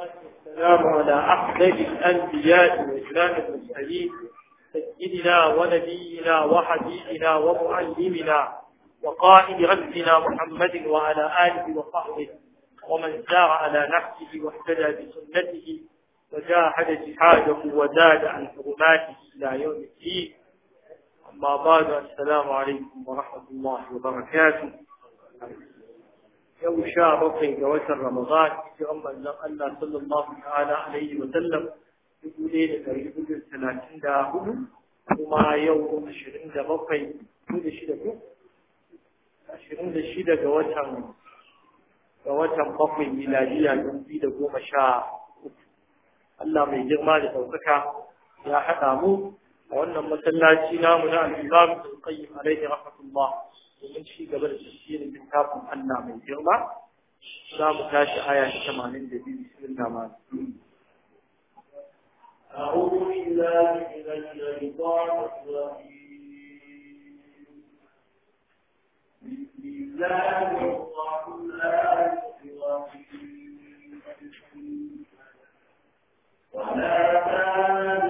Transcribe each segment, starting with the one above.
والسلام على أفضل الأنبياء وإسلام المسلمين سيدنا ونبينا وحبيبنا ومعلمنا وقائد ربنا محمد وعلى آله وصحبه ومن سار على نفسه واهتدى بسنته وجاهد جهاده وزاد عن حرماته إلى يوم الدين أما بعد السلام عليكم ورحمة الله وبركاته yau sha bakwai ga watan Ramadan hijiran manzon Allah sallallahu ta'ala alaihi wa dubu ɗaya da ɗari hudu talatin da hudu kuma yau ashirin da bakwai da watan da goma sha uku Allah mai girma da ɗaukaka ya haɗa mu a wannan masallaci namu na al-Imam Al-Qayyim alaihi rahmatullah ومن شيء قبل تفسير من كتابهم أنا من كاش آية 80 دبي بسم الله ما أعوذ بالله من الشيطان الرجيم بسم الله الرحمن الرحيم ولا تنسوا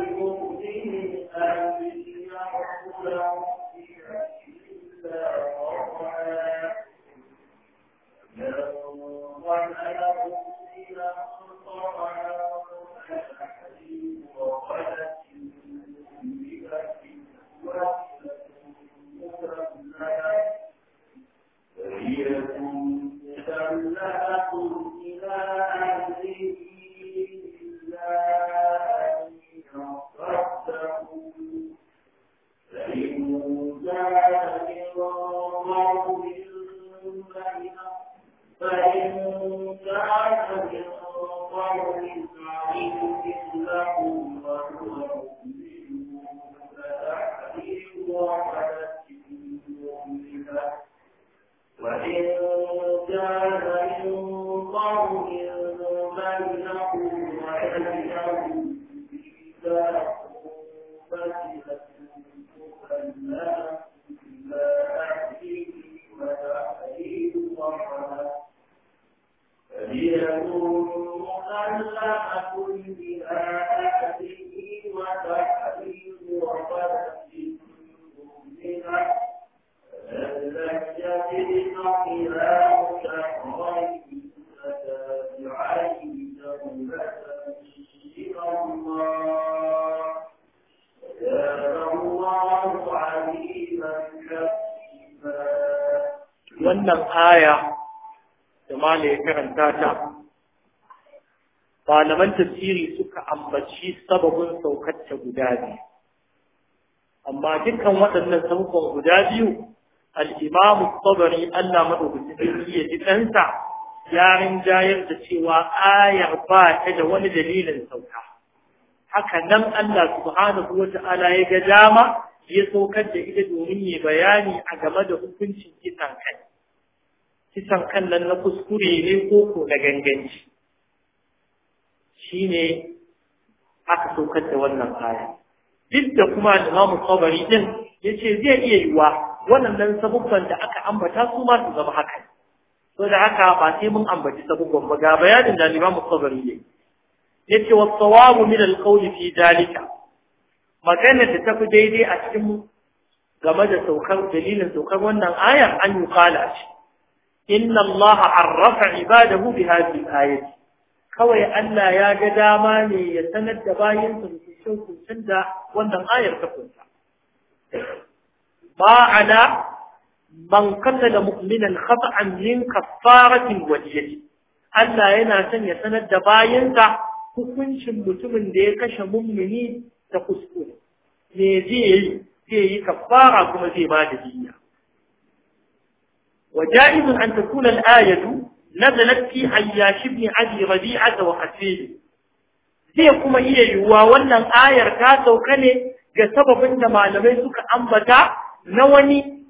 ولا تبصير سلطانا ولا تحريم ولا malaman tafsiri suka ambaci sababin saukar ta guda biyu amma dukkan waɗannan saukar guda biyu al'imamu sabari Allah maɗaukacin sarki ya ji ɗansa ya rinjayar da cewa ayar ba ta da wani dalilin sauka haka nan Allah subhanahu wa ta'ala ya ga dama ya saukar da ita domin ya bayani a game da hukuncin kisan kai kisan kan nan na kuskure ne ko ko na ganganci shine aka saukar da wannan aya duk da kuma Imam Tabari din yace zai iya yiwa wannan sabubban da aka ambata su ma su zama haka so da haka ba sai mun ambaci sabubban ba ga bayanin da Imam Tabari ne yace was sawabu min al fi dalika magana da tafi daidai a cikin game da saukar dalilin saukar wannan ayar an yi kala ce inna Allah arrafa ibadahu bi hadhihi ayati kawai Allah ya ga dama ne ya sanar da bayan su hukuncin da wannan ayar ta kunta Ma'ana mankasa da qatala mu'minan khata'an min kaffaratin wajiyati Allah yana son ya sanar da bayansa hukuncin mutumin da ya kashe mummuni ta kuskure me zai yi zai yi kaffara kuma zai ba da jiya وجائز أن تكون الآية nazalat fi ayyash ibn abi rabi'a wa hasil sai kuma iya yiwuwa wannan ayar ta sauka ne ga sababin da malamai suka ambata na wani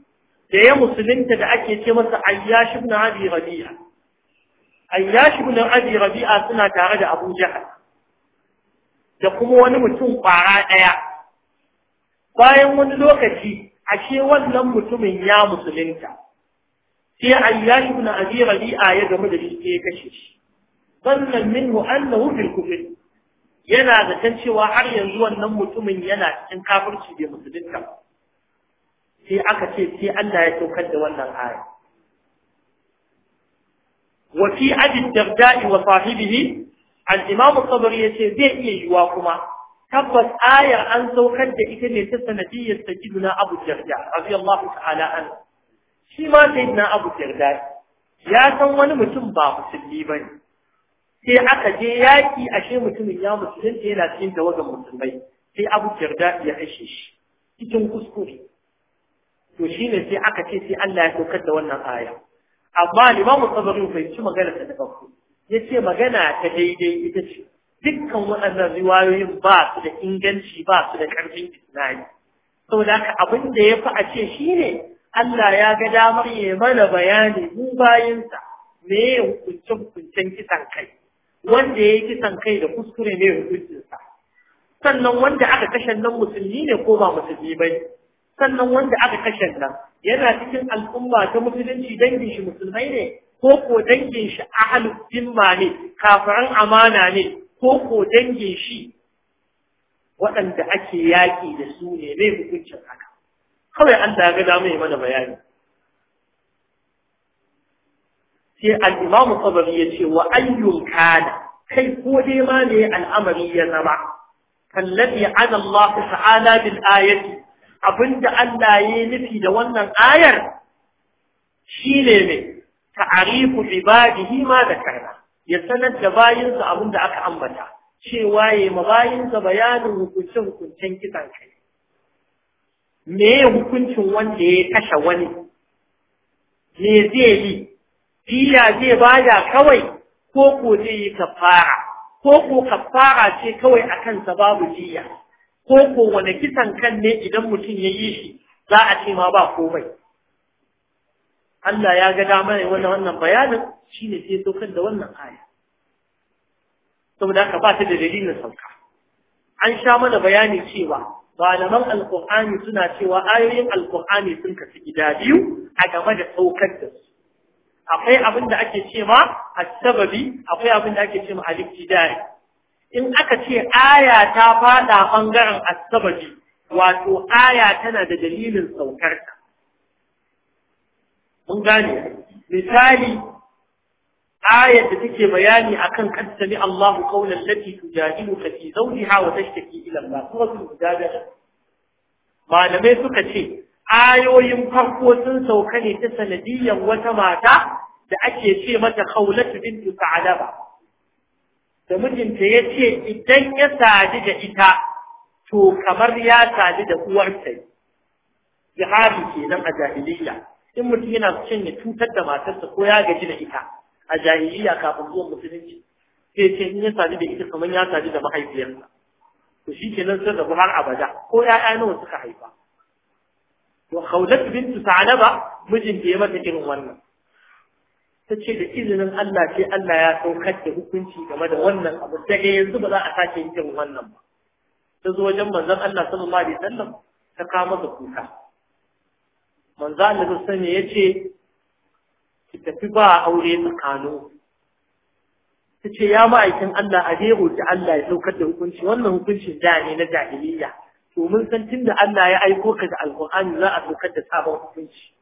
da ya musulunta da ake ce masa ayyash ibn abi rabi'a ayyash ibn abi rabi'a suna tare da abu jahal da kuma wani mutum kwara daya bayan wani lokaci ashe wannan mutumin ya musulunta sai ayyash ibn abi rabi'a ya gamu da shi sai ya kashe shi sannan minhu annahu fil kufr yana da kan cewa har yanzu wannan mutumin yana cikin kafirci da musulunta sai aka ce sai Allah ya saukar da wannan aya wa fi abi darda'i wa sahibihi al-imam at-tabari yace zai iya yiwa kuma tabbas ayar an saukar da ita ne ta sanadiyyar sajiduna abu jarda radiyallahu ta'ala anhu shi ma sai na abu kirda ya san wani mutum ba musulmi ba ne sai aka je yaƙi ashe mutumin ya ta yana cikin wajen musulmai sai abu kirda ya kashe shi cikin kuskure to shine sai aka ce sai Allah ya saukar da wannan aya amma limamu tsabarin bai ci magana ta Ya ce magana ta daidai ita ce dukkan waɗannan riwayoyin ba su da inganci ba su da ƙarfin isnadi saboda haka abin da ya fi a ce ne? Allah ya ga damar ya mana bayani mu bayansa me ya hukunce hukuncen kisan kai wanda ya yi kisan kai da kuskure ne hukuncinsa sannan wanda aka kashe nan musulmi ne ko ba musulmi ba sannan wanda aka kashe nan yana cikin al'umma ta musulunci dangin shi musulmai ne ko ko dangin shi ahlul dimma ne kafiran amana ne ko ko dangin shi waɗanda ake yaƙi da su ne mai hukuncin haka kawai an ta ga damu mai mana bayani sai al-imamu sabari ya ce wa ayyun kana kai ko dai ma ne al'amari ya zama kallabi an Allah ta'ala bil ayati abinda Allah ya nufi da wannan ayar shine ne ta'arifu ibadihi ma da zakarna ya sanar da bayinsa abinda aka ambata cewa ma bayinsa bayanin hukuncin hukuncin kisan kai me hukuncin wanda ya kashe wani me zai yi fiya zai bada kawai ko ko zai yi kafara ko ko kafara ce kawai a kansa babu jiya ko ko wani kisan kan ne idan mutum ya yi shi za a ce ma ba komai Allah ya ga dama ne wannan wannan bayanin shine sai dokar da wannan aya saboda haka ba ta da dalilin sauka an sha mana bayani cewa malaman alkur'ani suna cewa ayoyin alkur'ani sun kasu gida biyu a game da saukar da su akwai abin da ake ce ma sababi akwai abin da ake ce ma al in aka ce aya ta fada bangaren as-sababi wato aya tana da dalilin saukar mun gane misali ayar da take bayani akan kan Allah kaula lati tujadilu fi zawjiha wa tashtaki ila Allah suratul mujadala malamai suka ce ayoyin farko sun sauka ne ta sanadiyyar wata mata da ake ce mata kaulatu bintu sa'adaba da mijinta ya ce idan ya sadu da ita to kamar ya sadu da uwarta ke kenan a jahiliya in mutum yana son ya cutar da matarsa ko ya gaji da ita a jahiliya kafin zuwan musulunci sai ce in ya sadu da ita kamar ya sadu da mahaifiyarsa to shi kenan sun rabu har abada ko ya'ya nawa suka haifa to khawlat bintu sa'alaba mijin da ya mata irin wannan ta ce da izinin Allah sai Allah ya saukar da hukunci game da wannan abu daga yanzu ba za a sake yin irin wannan ba ta zo wajen manzon Allah sallallahu alaihi wasallam ta kawo masa kuka manzon Allah sallallahu alaihi wasallam ya ce ki tafi ba aure tsakanin ta ce ya ma'aikin Allah a dai roƙi Allah ya saukar da hukunci wannan hukuncin da ne na jahiliya to mun san tunda Allah ya aiko ka da alƙur'ani za a saukar da sabon hukunci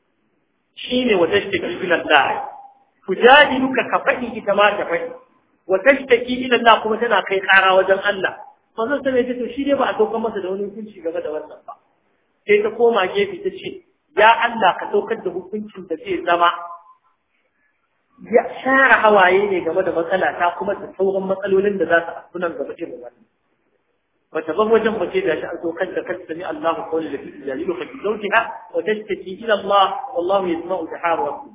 shine wa tashtaki Ku Allah tujadiluka ka faɗi ita ma ta faɗi wa tashtaki ila Allah kuma tana kai ƙara wajen Allah manzon sai ya to shi dai ba a saukar masa da wani hukunci game da wannan ba sai ta koma gefe ta ce ya Allah ka saukar da hukuncin da zai zama ya share hawaye ne game da matsala ta kuma da sauran matsalolin da za su afku nan gaba irin wannan wata wajen mace da shi an zo da kan sami Allahu qawli lati yajidu fi zawjiha wa tashtaki ila Allah wallahu yasma'u tahawakum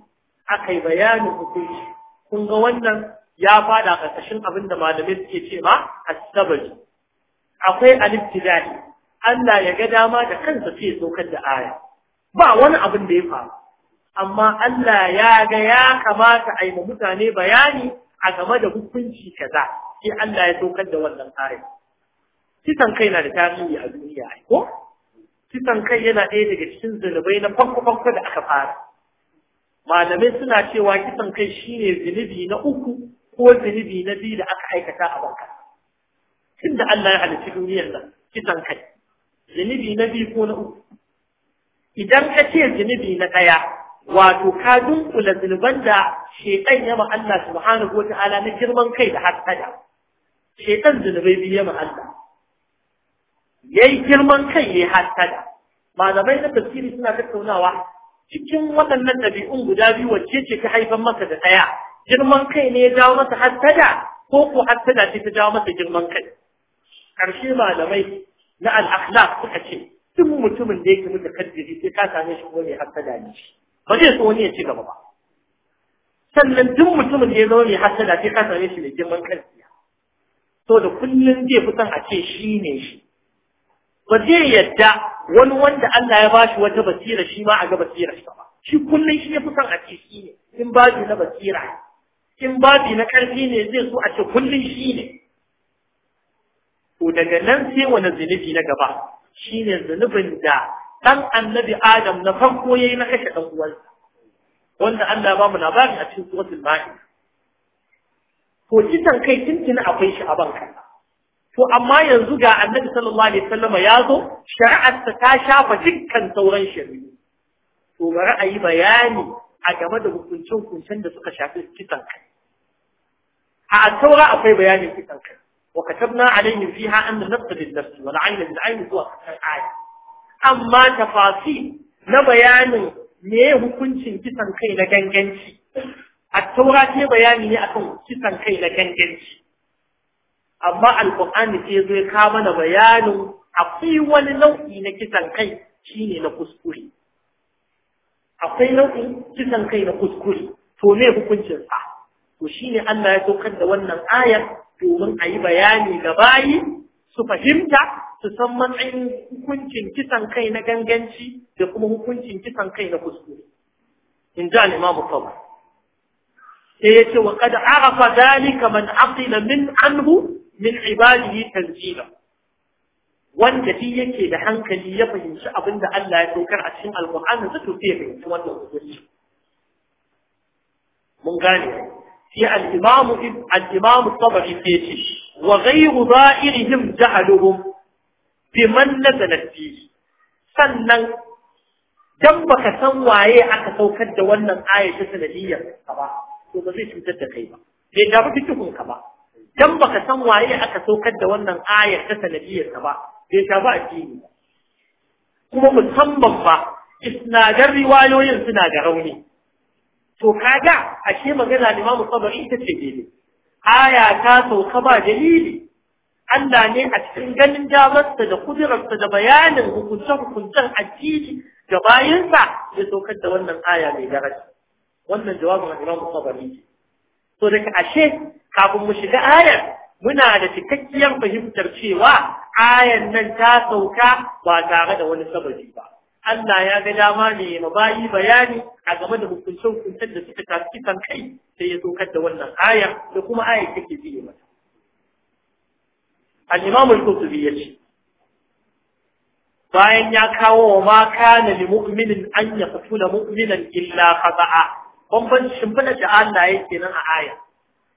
akai bayani hukunci kun ga wannan ya fada karkashin abin da malamai suke ce ma as-sabaji akwai al-ibtidai Allah ya ga dama da kansa sai ya saukar da aya ba wani abin da ya faru amma Allah ya ga ya kamata a yi ma mutane bayani a game da hukunci kaza sai Allah ya saukar da wannan ayar kisan kai na da tarihi a duniya ko kisan kai yana ɗaya daga cikin zunubai na farko-farko da aka fara malamai suna cewa kisan kai shine zunubi na uku ko zunubi na biyu da aka aikata a banka tun da Allah ya halicci duniyar nan kisan kai zunubi na biyu ko na uku idan ka ce zunubi na ɗaya wato ka dunkula zunuban da shedan ya ma Allah subhanahu wata'ala na girman kai da hasada shedan zunubai biye ma Allah yayi girman kai yayi hasada malamai na tafsiri suna tattaunawa cikin waɗannan ɗabi'un guda biyu wacce ce ta haifar masa da ɗaya girman kai ne ya jawo masa hasada ko ko hasada ce ta jawo masa girman kai ƙarshe malamai na al-akhlaq suka ce duk mutumin da yake mutakaddiri sai ka same shi ko ne hasada ne shi ba zai so wani ya ci gaba ba sannan duk mutumin da ya zama mai hasada sai ka same shi mai girman kansiya so da kullum zai fi son a ce shi ne shi ba zai yadda wani wanda Allah ya bashi wata basira shi ma a ga basirar shi ba shi kullum shi ya fi son a ce shi ne in babi na basira in babi na karfi ne zai so a ce kullum shi ne to daga nan sai wani zunubi na gaba shi ne zunubin da dan annabi adam na farko yayi na kashe dan uwansa wanda Allah ba mu labarin a cikin suratul ma'ida to kisan kai tuntuni akwai shi a banka to amma yanzu ga annabi sallallahu alaihi wasallam ya zo shari'ar ta shafa dukkan sauran shari'a to bari a yi bayani a game da hukuncin da suka shafi kisan kai a taura akwai bayanin kisan kai وكتبنا عليهم فيها أن النفس بالنفس والعين zuwa هو آية amma tafasi na bayanin me hukuncin kisan kai na ganganci a taura ce bayani ne akan kisan kai na ganganci amma alƙur'ani sai zai ka mana bayanin akwai wani nau'i na kisan kai shine na kuskure akwai nau'in kisan kai na kuskure to me hukuncin sa to shine Allah ya saukar da wannan ayar domin a yi bayani ga bayi su fahimta su san matsayin hukuncin kisan kai na ganganci da kuma hukuncin kisan kai na kuskure in ji al'imamu kawai sai ya ce wa kada arafa zalika man aqila min anhu min ibadihi tanzila wanda shi yake da hankali ya fahimci abin da Allah ya saukar a cikin alƙur'ani su tufe ya fahimci wannan hukunci mun gane sai al-imamu al-imamu tabari sai ce wa ghayru dha'irihim jahaluhum biman nazalat fihi sannan dan baka san waye aka saukar da wannan aya ta sanadiyyar ka ba to ba zai cutar da kai ba bai da fikihun ka ba dan baka san waye aka saukar da wannan aya ta sanadiyyar ka ba bai ta ba addini ba kuma musamman ba isnadar riwayoyin suna da rauni to kaga ashe magana Limamu Sabari ita ce dai-dai. aya ta sauka ba dalili Allah ne a cikin ganin damarsa da kudurarsa da bayanin hukunce-hukuncen addini da bayansa ya saukar da wannan aya mai daraja wannan jawabin al-Imam Tabari ne to daga ashe kafin mu shiga ayar muna da cikakkiyar fahimtar cewa ayar nan ta sauka ba tare da wani sababi ba Allah ya ga dama ne ma bayi bayani a game da hukuncen hukuncen da suka tafi kan kai sai ya saukar da wannan aya da kuma ayar take biye mata al-imam al yace bayan ya kawo wa ma kana li mu'minin an yaqtula mu'minan illa khata'a bambancin fada da Allah yake nan a aya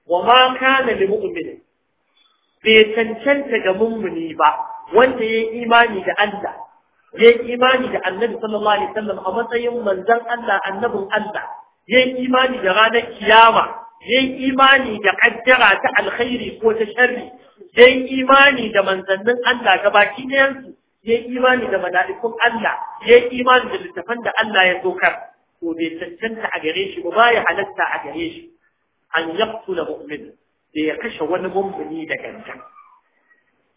wa ma kana li mu'minin bai cancanta ga mummuni ba wanda ya imani da Allah ya imani da annabi sallallahu alaihi wasallam a matsayin manzon Allah annabin Allah ya imani da ranar kiyama yayi imani da kaddara ta alkhairi ko ta sharri yayi imani da manzannin Allah baki ɗayan su yayi imani da mala'ikun Allah yayi imani da littafan da Allah ya dokar to bai cancanta a gare shi ba ya halatta a gare shi an yaqtula mu'min da ya kashe wani mummuni da ganta.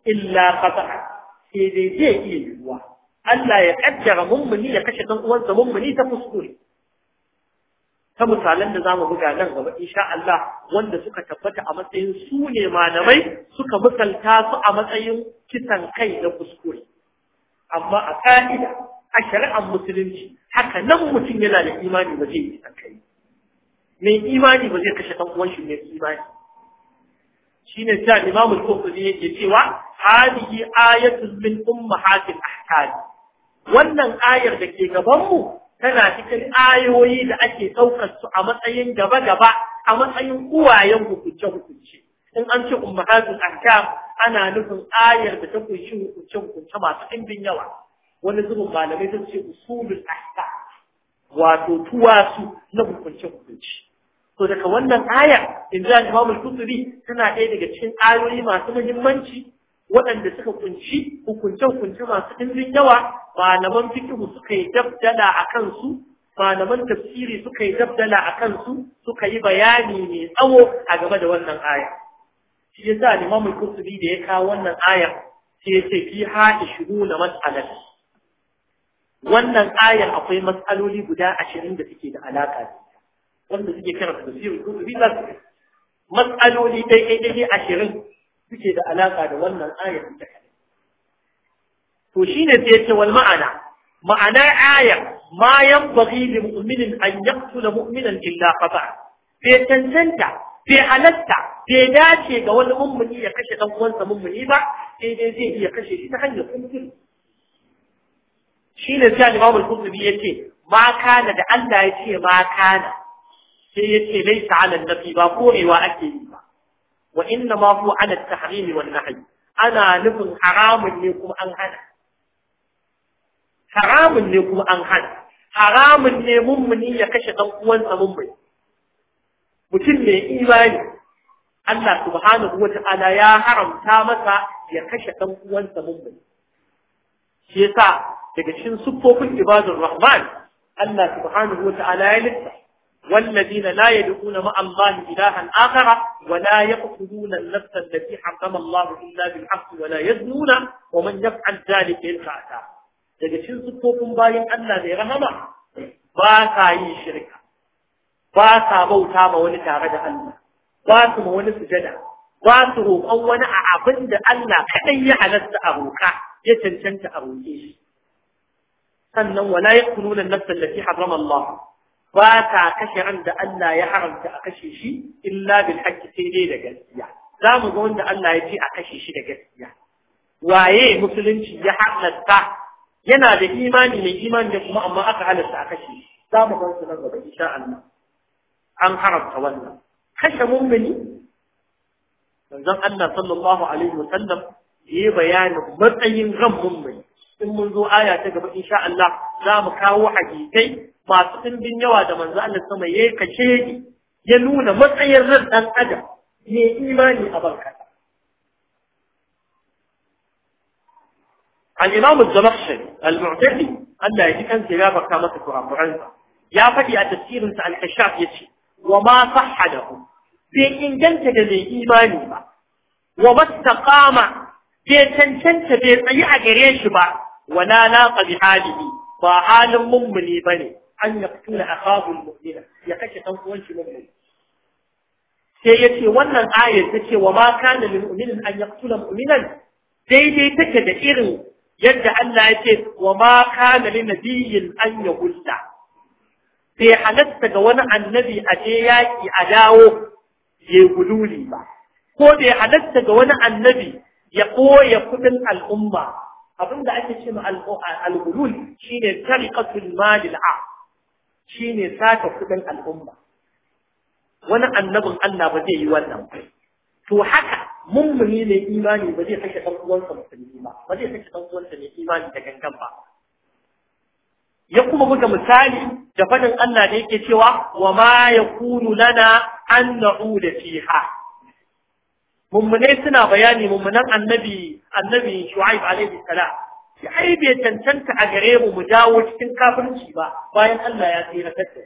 illa qata'a sai dai zai iya yiwuwa Allah ya kaddara mummuni ya kashe dan uwansa mummuni ta fuskure ta misalan da zamu buga nan gaba insha Allah wanda suka tabbata a matsayin su ne malamai suka misalta su a matsayin kisan kai na kuskure amma a ka'ida a shari'ar musulunci haka nan mutum yana da imani ba zai kisan kai mai imani ba zai kashe ɗan uwan shi mai imani shine ta Imam Al-Qurtubi yake cewa hadihi ayatun min ummahatil ahkam wannan ayar da ke gaban mu tana cikin ayoyi da ake ɗaukar su a matsayin gaba-gaba a matsayin uwayen hukunce-hukunce in an ce ummahatul ahkam ana nufin ayar da ta kunshi hukunce-hukunce masu ɗimbin yawa wani zubin malamai sun ce usulul ahkam wato tuwasu na hukunce-hukunce to daga wannan ayar in ji al-Imam tana ɗaya daga cikin ayoyi masu muhimmanci waɗanda suka kunci hukunce-hukunce masu ɗimbin yawa malaman fikihu suka yi dabdala a kansu malaman tafsiri suka yi dabdala a kansu suka yi bayani mai tsawo a game da wannan aya shi yasa Imam Al-Qurtubi da ya kawo wannan aya sai ya ce fi ha na mas'alat wannan ayar akwai matsaloli guda ashirin da suke da alaka da wanda suke karanta da Qurtubi za su mas'aloli dai dai ashirin suke da alaƙa da wannan ayar ta kadai to shine sai yace wal ma'ana ma'ana ayar ma yanbaghi lil mu'minin an da mu'minan illa qata bai tantanta bai halatta bai dace ga wani mummuni ya kashe ɗan uwansa mummuni ba sai dai zai iya kashe shi ta hanyar kuntun shine sai Imam al ya ce, ma kana da Allah ya ce ma kana sai ya yace laisa ala nabi ba korewa ake yi ba wa inna ma huwa ala at-tahrim wan nahy ana nufin haramun ne kuma an hana haramun ne kuma an hana haramun ne mummuni ya kashe dan uwansa mummuni mutum mai imani Allah subhanahu wata'ala ya haramta masa ya kashe dan uwansa mummuni shi yasa daga cikin siffofin ibadur rahman Allah subhanahu wata'ala ya lissafa. والذين لا يدعون مع الله إلها آخر ولا يقتلون النفس التي حرم الله إلا بالحق ولا يزنون ومن يفعل ذلك يلقى عذابا daga cikin siffofin bayan Allah da rahama ba sa yi shirka ba sa bauta ma wani tare da Allah ba su ma wani sujada ba su roƙon wani a abin da Allah kaɗai ya halatta a roƙa ya cancanta a roƙe shi sannan wala yaquluna an-nafsa harrama Allah ba ta kashe ran da Allah ya haramta a kashe shi illa bil haqqi sai dai da gaskiya za mu ga wanda Allah ya ce a kashe shi da gaskiya waye musulunci ya halatta yana da imani mai imani da kuma amma aka halatta a kashe shi za mu ga su nan gaba insha Allah an haramta wannan kashe mummuni manzon Allah sallallahu alaihi wasallam yi bayanin matsayin ran mummuni in mun zo aya ta gaba insha Allah za mu kawo hadisai masu ɗimbin yawa da manzo Allah sama ya kace ni ya nuna matsayin ran dan adam ne imani a banka an imam az-zamakhshari al-mu'tadi Allah ya kan tsira baka masa Qur'an ya faɗi a tafsirin sa al-kashaf yace wa ma sahhadahu bi inganta da bai imani ba wa mastaqama bai cancanta bai tsayi a gare shi ba wa la laqa bi ba halin mummuni bane an yaqtula akahu al ya kashe dan uwan shi mu'min sai yace wannan ayat tace wa ma kana lil mu'minin an yaqtula mu'minan daidai take da irin yadda Allah yace wa ma kana lin nabiyyin an yaqulla sai halatta ga wani annabi a je yaki a dawo ya guduli ba ko da halatta ga wani annabi ya koya kudin al'umma abinda ake ce ma al-gulul shine tariqatul malil a Shi ne saka kudin al'umma wani annabin Allah ba zai yi wannan ba to haka mummuni ne imani ba zai sake ɗan’uwansa uwansa musulmi ba ba zai sake ɗan’uwansa uwansa ne imani da gangan ba ya kuma buga misali da fadin Allah da yake cewa wa ma ya kunu lana an da fiha Mummunai suna bayani mummunan annabi annabi Shu'aib alaihi salam shi ai bai cancanta a gare mu mu dawo cikin kafirci ba bayan Allah ya tsira kace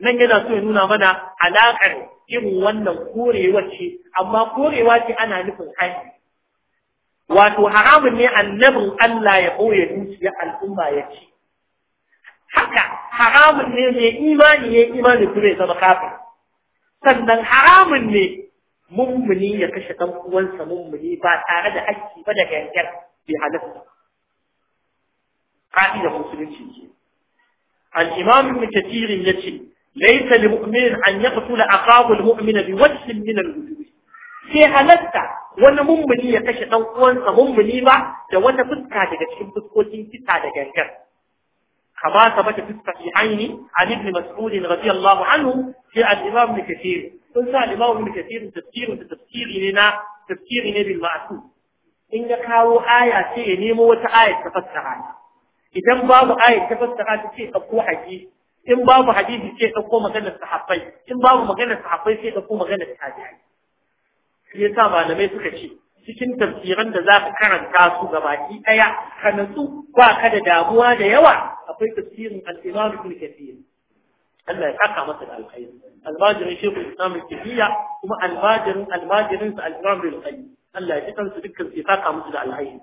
nan yana so ya nuna mana alaƙar irin wannan korewa ce amma korewa ce ana nufin hanyar wato haramun ne annabin Allah ya ɓoye dukiyar al'umma ya ci. Haka haramun ne mai imani ya imani kuma ya zama kafin. Sannan haramun ne mummuni ya kashe ɗan uwansa mummuni ba tare da aiki ba da gangar. bi halatta ka'idar musulunci ce al-imam ibn kathir yace laysa lil mu'min an yaqtula aqahu al mu'min bi wajhin min al sai halatta wani mummuni ya kashe ɗan uwansa mummuni ba da wata fuska daga cikin fuskokin kisa da gangan ta bata fuska fi aini an ibn mas'ud radiyallahu anhu sai al-imam ibn kathir sun sa al-imam ibn kathir tafsir da tafsiri ne na tafsiri ne bil ma'sud in ya kawo aya ce ya nemo wata aya ta fassara idan babu aya ta fassara ta ce ɗauko haji in babu hadisi ce ɗauko maganar sahabbai in babu maganar sahabbai sai ɗauko maganar tabi'i shi yasa malamai suka ce cikin tafsiran da za ka karanta su gabaki ɗaya ka nutsu? ba ka da damuwa da yawa akwai tafsirin al-Imam Ibn Kathir Allah ya saka masa da alkhairi almajirin shi ko al-Kibiyya kuma al almajirin sa al-Imam Ibn kathir Allah ya ji kansu dukkan su saka musu da alhaji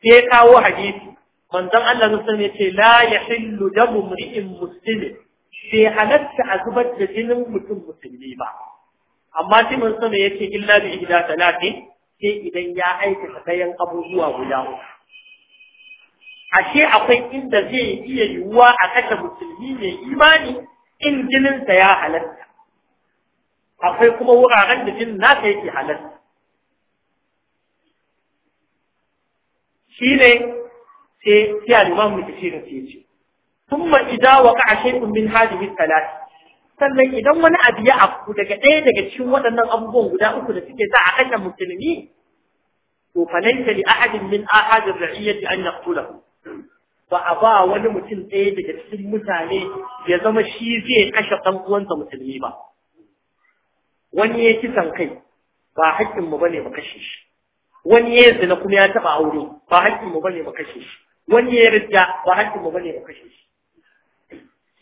sai kawo hadisi manzon Allah sani ya ce la yahillu damu mri'in Musulmi sai halatta a zubar da jinin mutum musulmi ba amma sai mun sani yace illa bi ihda talatin sai idan ya aikata kayan abubuwa guda uku ashe akwai inda zai iya yiwuwa a kashe musulmi mai imani in jininsa ya halatta akwai kuma wuraren da jinin nasa yake halatta shine sai sai al-imam mutashirin sai ce thumma idza waqa'a shay'un min hadhihi thalath sannan idan wani abu ya afku daga ɗaya daga cikin waɗannan abubuwan guda uku da suke sa a kashe musulmi to fa laysa li ahadin min ahadi ar an yaqtulahu ba a ba wani mutum ɗaya daga cikin mutane ya zama shi zai kashe ɗan uwansa musulmi ba wani ya kisan kai ba haƙƙinmu ba ne mu kashe shi wani ya zina kuma ya taba aure ba hakkin mu bane mu kashe shi wani ya rida ba hakkin mu bane mu kashe shi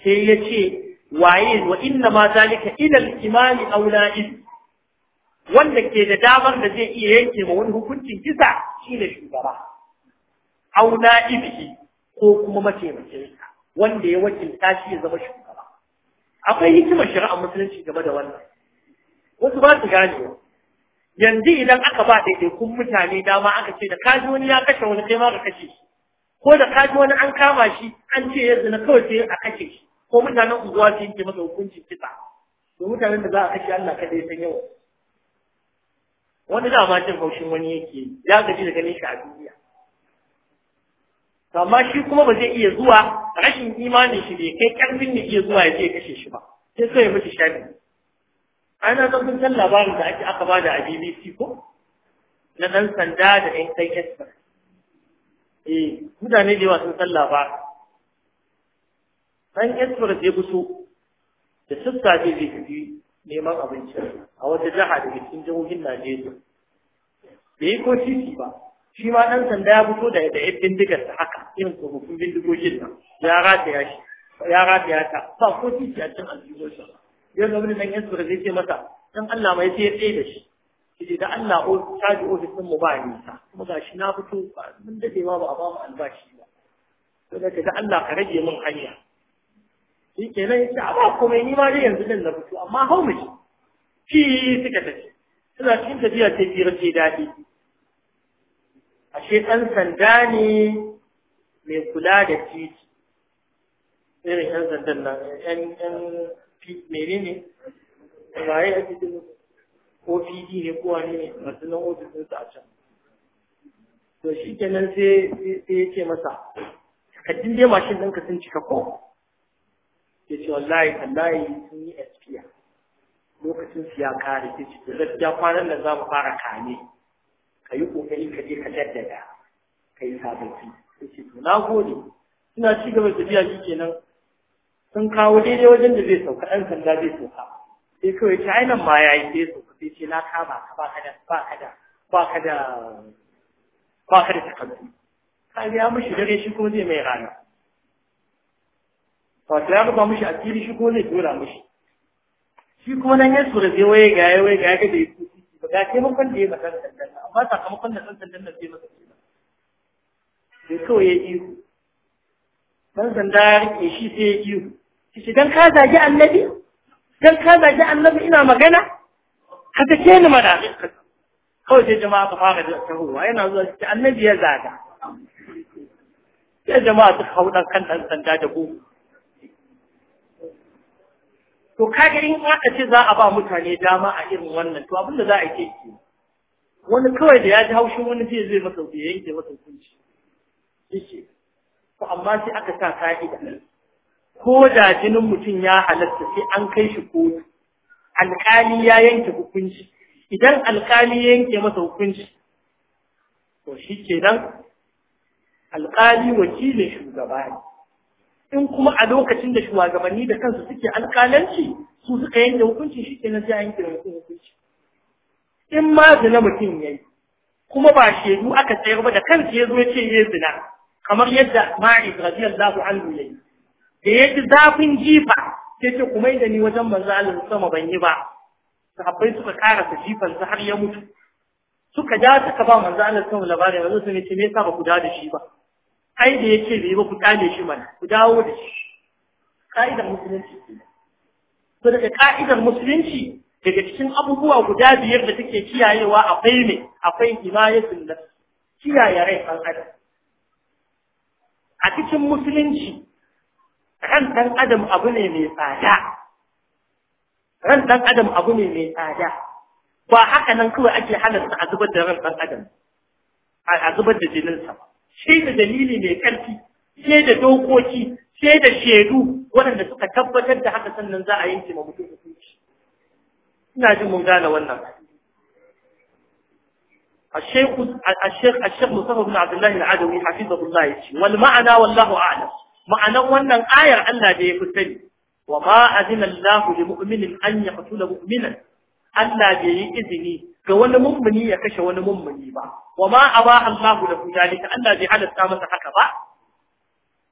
sai ya ce waye wa inna ma zalika ila al-imami awla'id wanda ke da damar da zai iya yanke ma wani hukuncin kisa shine shugaba awla'idihi ko kuma mace mace wanda ya wakilta shi ya zama shugaba akwai hikimar shari'ar musulunci game da wannan wasu ba su gane yanzu idan aka ba daidaikun mutane dama aka ce da kaji wani ya kashe wani kai ma kashe shi ko da kaji wani an kama shi an ce ya na kawai sai a kashe shi ko mutanen unguwa su yake masa hukuncin kisa to mutanen da za a kashe Allah kadai san yawa wani dama cin haushin wani yake ya gaji da ganin shi a duniya to amma shi kuma ba zai iya zuwa rashin imanin shi bai kai karfin ne iya zuwa ya je kashe shi ba sai sai ya mutu shafi ana ga kun san labarin da ake aka bada a BBC ko na dan sanda da ɗan kai esper eh mutane da yawa sun san labarin dan esper je gusu da sassafe zai tafi neman abinci a wata jaha da cikin jihohin Najeriya bai yi ko titi ba shi ma ɗan sanda ya fito da da bindigar ta haka irin tsofaffin bindigogin nan ya rataya ya ta ba ko titi a cin aljihunsa Yau da wani nan ya da zai ce masa dan Allah mai sai ya tsaye da shi shi da Allah o caji ofis din mu ba nisa kuma shi na fito ba mun dade ma ba a ba mu albashi ba to da da Allah ka rage min hanya shi kenan ya ce a ba komai ni ma dai yanzu din na fito amma hau mu shi suka tafi suna cikin tafiya sai fira ce daɗi ashe ɗan sanda ne mai kula da titi irin 'yan sandan nan 'yan ne? waye a cikin musu ne ko wani ne masu nan ofisin sa a can to shi kenan sai ya ce masa kaddin dai mashin ɗinka sun cika ko ya ce wallahi wallahi sun yi espiya lokacin su ya kare ta ce gaskiya kwanan da za mu fara kame ka yi kokari ka je ka daddada ka yi sababbi Ya ce to na gode Ina ci gaba da biya shi kenan sun kawo daidai wajen da zai sauka ɗan sanda zai sauka sai kawai ta ainihin ma ya yi sai sauka sai ce na kama ka ba ka da ba ka da ba ka da ba ka da takardu ka ga ya mishi dare shi ko zai mai rana to ya ruba mishi a fili shi ko zai dora mishi shi kuma nan ya sura zai waye ga ya waye ga ya ga da ya kuci ba ga taimakon da ya masa da dandan amma sakamakon da san dandan zai masa kenan sai kawai ya ihu dan sanda ya rike shi sai ya ihu shi dan ka zagi annabi dan ka zagi annabi ina magana ka take ni mana kawai sai jama'a ta fara da tahowa yana zuwa shi annabi ya zaga sai jama'a ta hauda kan dan sanda da ku to kaga in aka ce za a ba mutane dama a irin wannan to abinda za a yi ke wani kawai da ya ji haushin wani zai zai masa ya yanke masa hukunci yake to amma sai aka sa ka'ida ko da jinin mutum ya halatta sai an kai shi kotu alkali ya yanke hukunci idan alkali ya yanke masa hukunci to shi ke nan alkali wakilin shugaba ne in kuma a lokacin da shugabanni da kansu suke alkalanci su suka yanke hukunci shi ke nan sai an yanke mutum hukunci in ma zina mutum ya yi kuma ba shedu aka tsayar ba da kansu ya zo ya ce ya zina kamar yadda ma'is radiyallahu anhu yi da yaji zafin jifa ke ce kuma da ni wajen manzo Allah sama ban yi ba sahabbai suka karasa jifan su har ya mutu suka ja suka ba manzo Allah sama labarin manzo sai ce me yasa ba ku da shi ba ai da yake bai ba ku kale shi mana ku dawo da shi ka'idar musulunci to daga ka'idar musulunci daga cikin abubuwa guda biyar da take kiyayewa akwai ne akwai himayatul nafs kiyaye rai an adam a cikin musulunci ran ɗan adam abu ne mai tsada ran ɗan adam abu ne mai tsada ba haka nan kawai ake halarta a zubar da ran ɗan adam a zubar da jininsa sai da dalili mai ƙarfi sai da dokoki sai da shaidu waɗanda suka tabbatar da haka sannan za a yanke ma mutum hukunci ina jin mun gane wannan الشيخ الشيخ الشيخ مصطفى بن عبد الله العدوي حفظه الله يجي والمعنى والله اعلم معنى وان آية ان لا يمتني وما اذن الله لمؤمن ان يقتل مؤمنا ان لا يؤذني ga wani mummuni ya kashe wani mummuni ba wa ma a ba Allah da ku dalika Allah bai halatta masa haka ba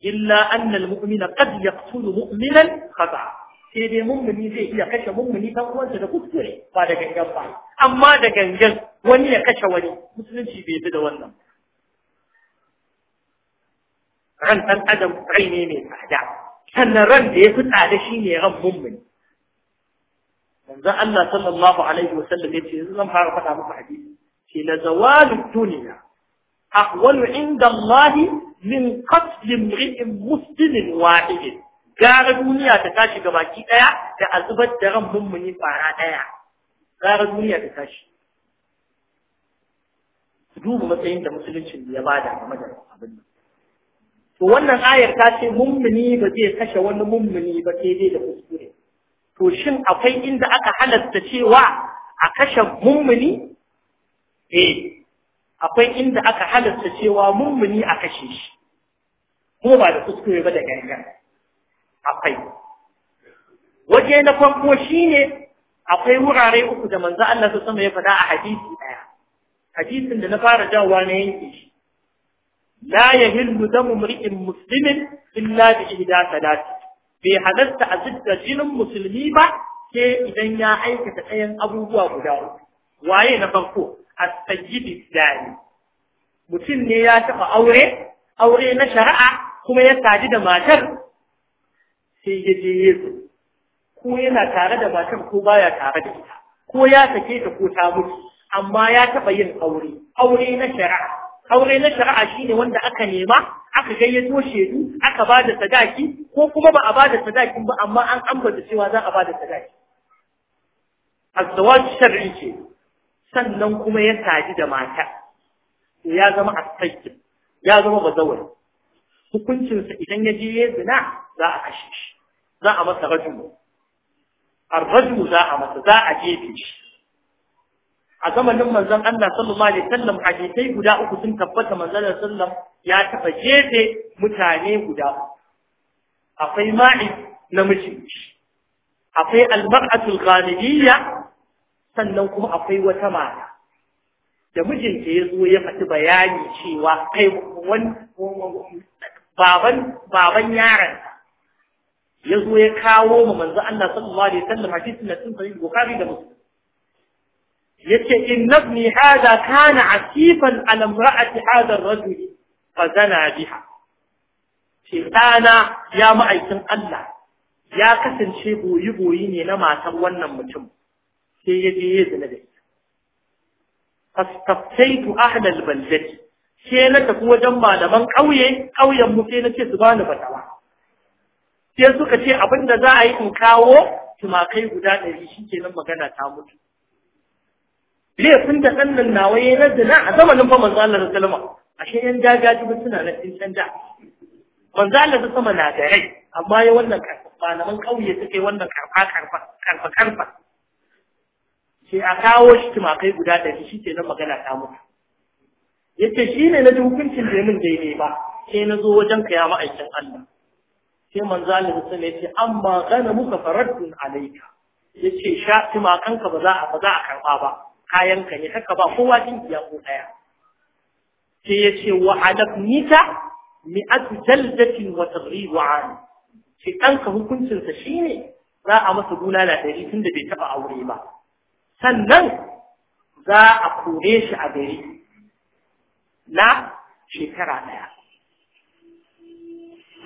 illa anna al-mu'mina qad yaqtulu mu'minan khata'a sai dai mummuni zai iya kashe mummuni ta uwansa da kuskure ba da gangan ba amma da gangan wani ya kashe wani musulunci bai bi da wannan ran ɗan adam rai ne mai tsada sannan ran da ya fi tsada shine ran mummuni yanzu Allah sallallahu alaihi wasallam ya ce zan fara faɗa muku hadisi ce la zawalu duniya ahwalu inda Allah min qatl imri'in muslimin wahidin gara duniya ta tashi ga baki ɗaya da azubar da ran mummuni fara ɗaya gara duniya ta tashi duba matsayin da musuluncin ya bada game da abin nan to wannan ayar ta ce mummuni ba zai kashe wani mummuni ba sai dai da kuskure to shin akwai inda aka halatta cewa a kashe mummuni eh akwai inda aka halatta cewa mummuni a kashe shi ko ba da kuskure ba da gangan akwai waje na farko shine akwai wurare uku da manzo Allah ta sama ya faɗa a hadisi ɗaya hadisin da na fara jawwa na yanke shi la yahillu damu mri'in muslimin illa bi ihda salati bai halarta a jinin musulmi ba ke idan ya aikata ɗayan abubuwa guda waye na farko as-sayyidu dai mutum ne ya taɓa aure aure na shari'a kuma ya sadi da matar sai ya je ya zo ko yana tare da matar ko baya tare da ita ko ya sake ta ko ta mutu amma ya taɓa yin aure aure na shari'a aure na shari'a shine wanda aka nema aka gayyato shedu aka ba da sadaki ko kuma ba a ba da sadakin ba amma an ambata cewa za a ba da sadaki azwaj shar'i ce sannan kuma ya taji da mata ya zama asayyi ya zama bazawar hukuncinsa idan ya je ya zina za a kashe shi za a masa rajulu ar za a masa za a jefe shi a zamanin manzon Allah sallallahu alaihi wasallam hadisai guda uku sun tabbata manzon sallam ya taba jefe mutane guda akwai ma'i namiji akwai al-mar'atul ghalibiyya sannan kuma akwai wata mata da mijinta ya zo ya faɗi bayani cewa kai wani baban baban yaron ya zo ya kawo ma manzo Allah sallallahu alaihi wasallam hadisin da sunan bukhari da muslim yace inna ibni hada kana asifan ala imra'ati hada ar-rajul fa zana biha shi ya ma'aikin Allah ya kasance boyi-boyi ne na matan wannan mutum sai ya je ya zina da ita fastaftaitu baldati sai na tafi wajen malaman ƙauye ƙauyen mu sai na ce su bani fatawa sai suka ce abin da za a yi in kawo tumakai guda ɗari shi nan magana ta mutu laifin da sannan nawa ya na zina a zamanin fa manzo Allah Salama, ashe yan dagaji ba suna nan din canja manzo Allah ta sama na da rai amma ya wannan malaman kauye suka yi wannan karfa karfa karfa karfa sai a kawo shi tumakai guda ɗari shi nan magana ta mutu yace ne na ji hukuncin da min daidai ba sai na zo wajen ka ya ma'aikin Allah sai manzo Allah sun yace amma gana muka faraddun alayka yace sha timakanka ba za a ba za a karba ba kayanka ne kaka ba kowa dinkiya ko daya sai yace wa nita mi'atu jaldatin wa tagribu an shi danka hukuncin sa shine za a masa bulala ɗari tunda bai taba aure ba sannan za a kore shi a gari na shekara daya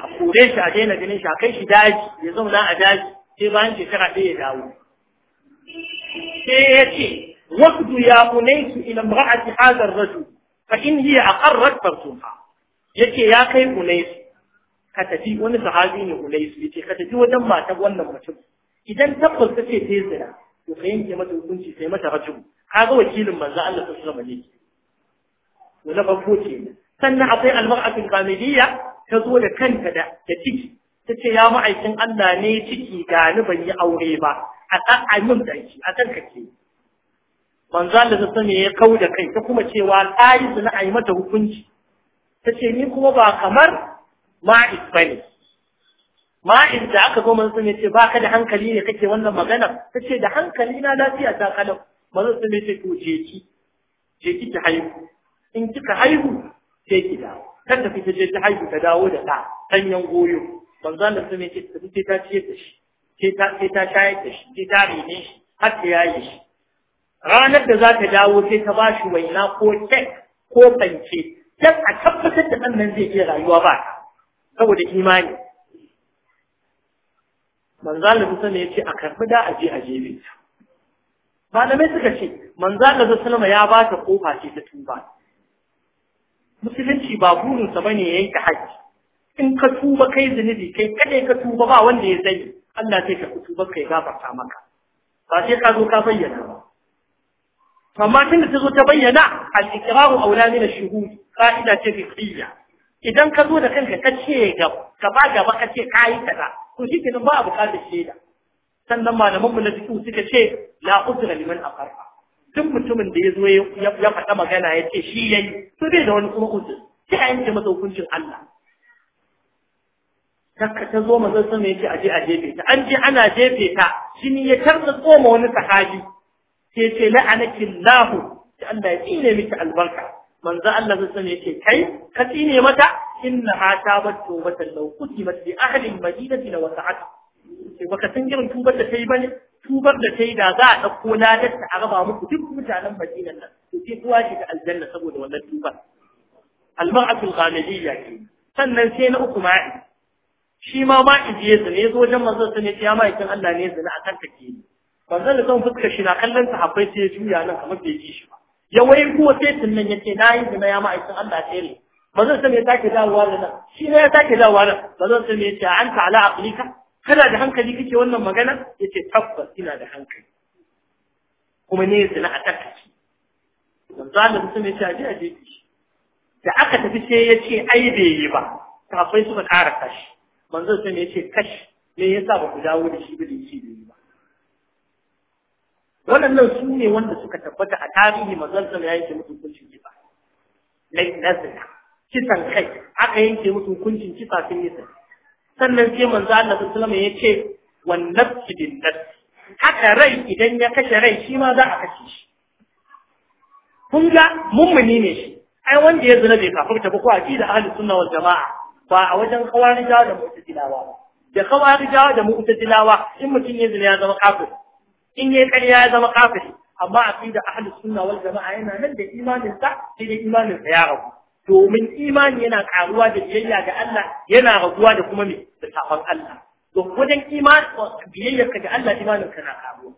a kore shi a daina ganin shi a kai shi daji ya zauna a daji sai bayan shekara ɗaya ya dawo sai ya ce waqdu ya unaisu ila imra'ati hadha ar fa in a aqarrat farsuha yace ya kai su. ka tafi wani sahabi ne Ya yace ka tafi wajen matar wannan mutum idan tabbas ta ce ta yi zina to ka yanke mata hukunci sai mata rajul kaga wakilin manzo Allah ta alaihi wasallam ne Wani farko ce sannan akwai albarkatun maratul ta zo da kanta da ciki ta ce ya ma'aikin Allah ne ciki ga ni ban yi aure ba a ɗan min da a kan ke manzo Allah ta ne ya kau da kai ta kuma cewa tsari su na ayi mata hukunci ta ce ni kuma ba kamar ma'iz bane ma'is da aka zo manzo ne ce ka da hankali ne kake wannan magana ta ce da hankali na lafiya ta kalau manzo ne ce to je ki je ki ki haihu in kika haihu sai ki dawo kanta kike je ta haihu ta dawo da ta sanyan goyo manzon da sun ce ta ce ta ciyar da shi ke ta ce ta shaye da shi ke ta rene shi har ta yaye shi ranar da za ta dawo sai ta ba shi waina ko kek ko fanke dan a tabbatar da ɗan nan zai iya rayuwa ba saboda imani manzon da sun ce a karɓi da aje a jebe malamai suka ce manzon da sallama ya ba ta kofa ce ta tuba musulunci ba burinsa ba ne ya yanke haji in ka tuba kai zunubi kai kaɗai ka tuba ba wanda ya sani Allah sai ka tuba kai gafarta maka ba sai ka zo ka bayyana ba amma tun da ta zo ta bayyana al-iqraru aula min ash-shuhud qa'ida ce fiqhiyya idan ka zo da kanka ka ce ga gaba gaba ka ce kai kaza to nan ba a buƙatar shaida sannan malaman mu na fiqh suka ce la uzra liman farfa. duk mutumin da ya zo ya faɗa magana ya ce shi ya yi to bai da wani kuma uzuri sai a yanke masa hukuncin Allah takka ta zo manzon sama yace aje a jefe ta an je ana jefe ta jini ya tarda tsoma wani sahabi Ke ce la'anaki Allah sai Allah ya tsine miki albarka manzon Allah sallallahu alaihi ce kai ka tsine mata inna ha tabat tawbatan law qutimat bi ahli al-madinati law sa'at sai baka san irin tubar da kai bane tubar da ta yi da za a ɗauko ladarta a raba muku duk mutanen madinan nan to sai kowa shi ta aljanna saboda wannan tubar almar'atul ghamidiyya ke sannan sai na uku ma'i shi ma ma'i je su ne zo wajen manzon sa ne ya ma'aikin Allah ne zina akan ta ke ni manzon da son fuskar shi na kallon Habbai sai ya juya nan kamar bai ji shi ba ya wai kuwa sai ya ce na yi zina ya ma'aikin Allah sai ne manzon sa ne ya sake dawowa da nan shi ne ya sake dawowa da manzon sa ne ya ce ta ala aqlika kana da hankali kake wannan magana yace tabbas ina da hankali kuma ne zina a tattaki manzo Allah mutum ya ce aje aje da aka tafi sai yace ai bai yi ba kafai suka ƙara kashi manzo sai ya ce kashi me yasa ba ku dawo da shi ba da shi bai yi ba waɗannan su ne wanda suka tabbata a tarihi manzo sai ya yi mutum kuncin ba na zina kisan kai aka yanke mutum kuncin kisa sun yi sannan sai manzo Allah sallallahu alaihi wasallam ya ce wan nafsi bin nafsi haka rai idan ya kashe rai shi ma za a kashe shi kun ga mummuni ne shi ai wanda ya zina bai kafirta ba ko aqida ahli sunna wal jamaa ba a wajen kawarijawa da mu'tazilawa da kawarijawa da mu'tazilawa in mutum ya zina ya zama kafir in yayi ƙarya ya zama kafir amma aqida ahli sunna wal jamaa yana nan da imanin sa sai da imanin sa ya rabu domin imani yana karuwa da biyayya ga Allah yana raguwa da kuma me da safan Allah to wajen imani biyayya ka ga Allah imanin ka na karuwa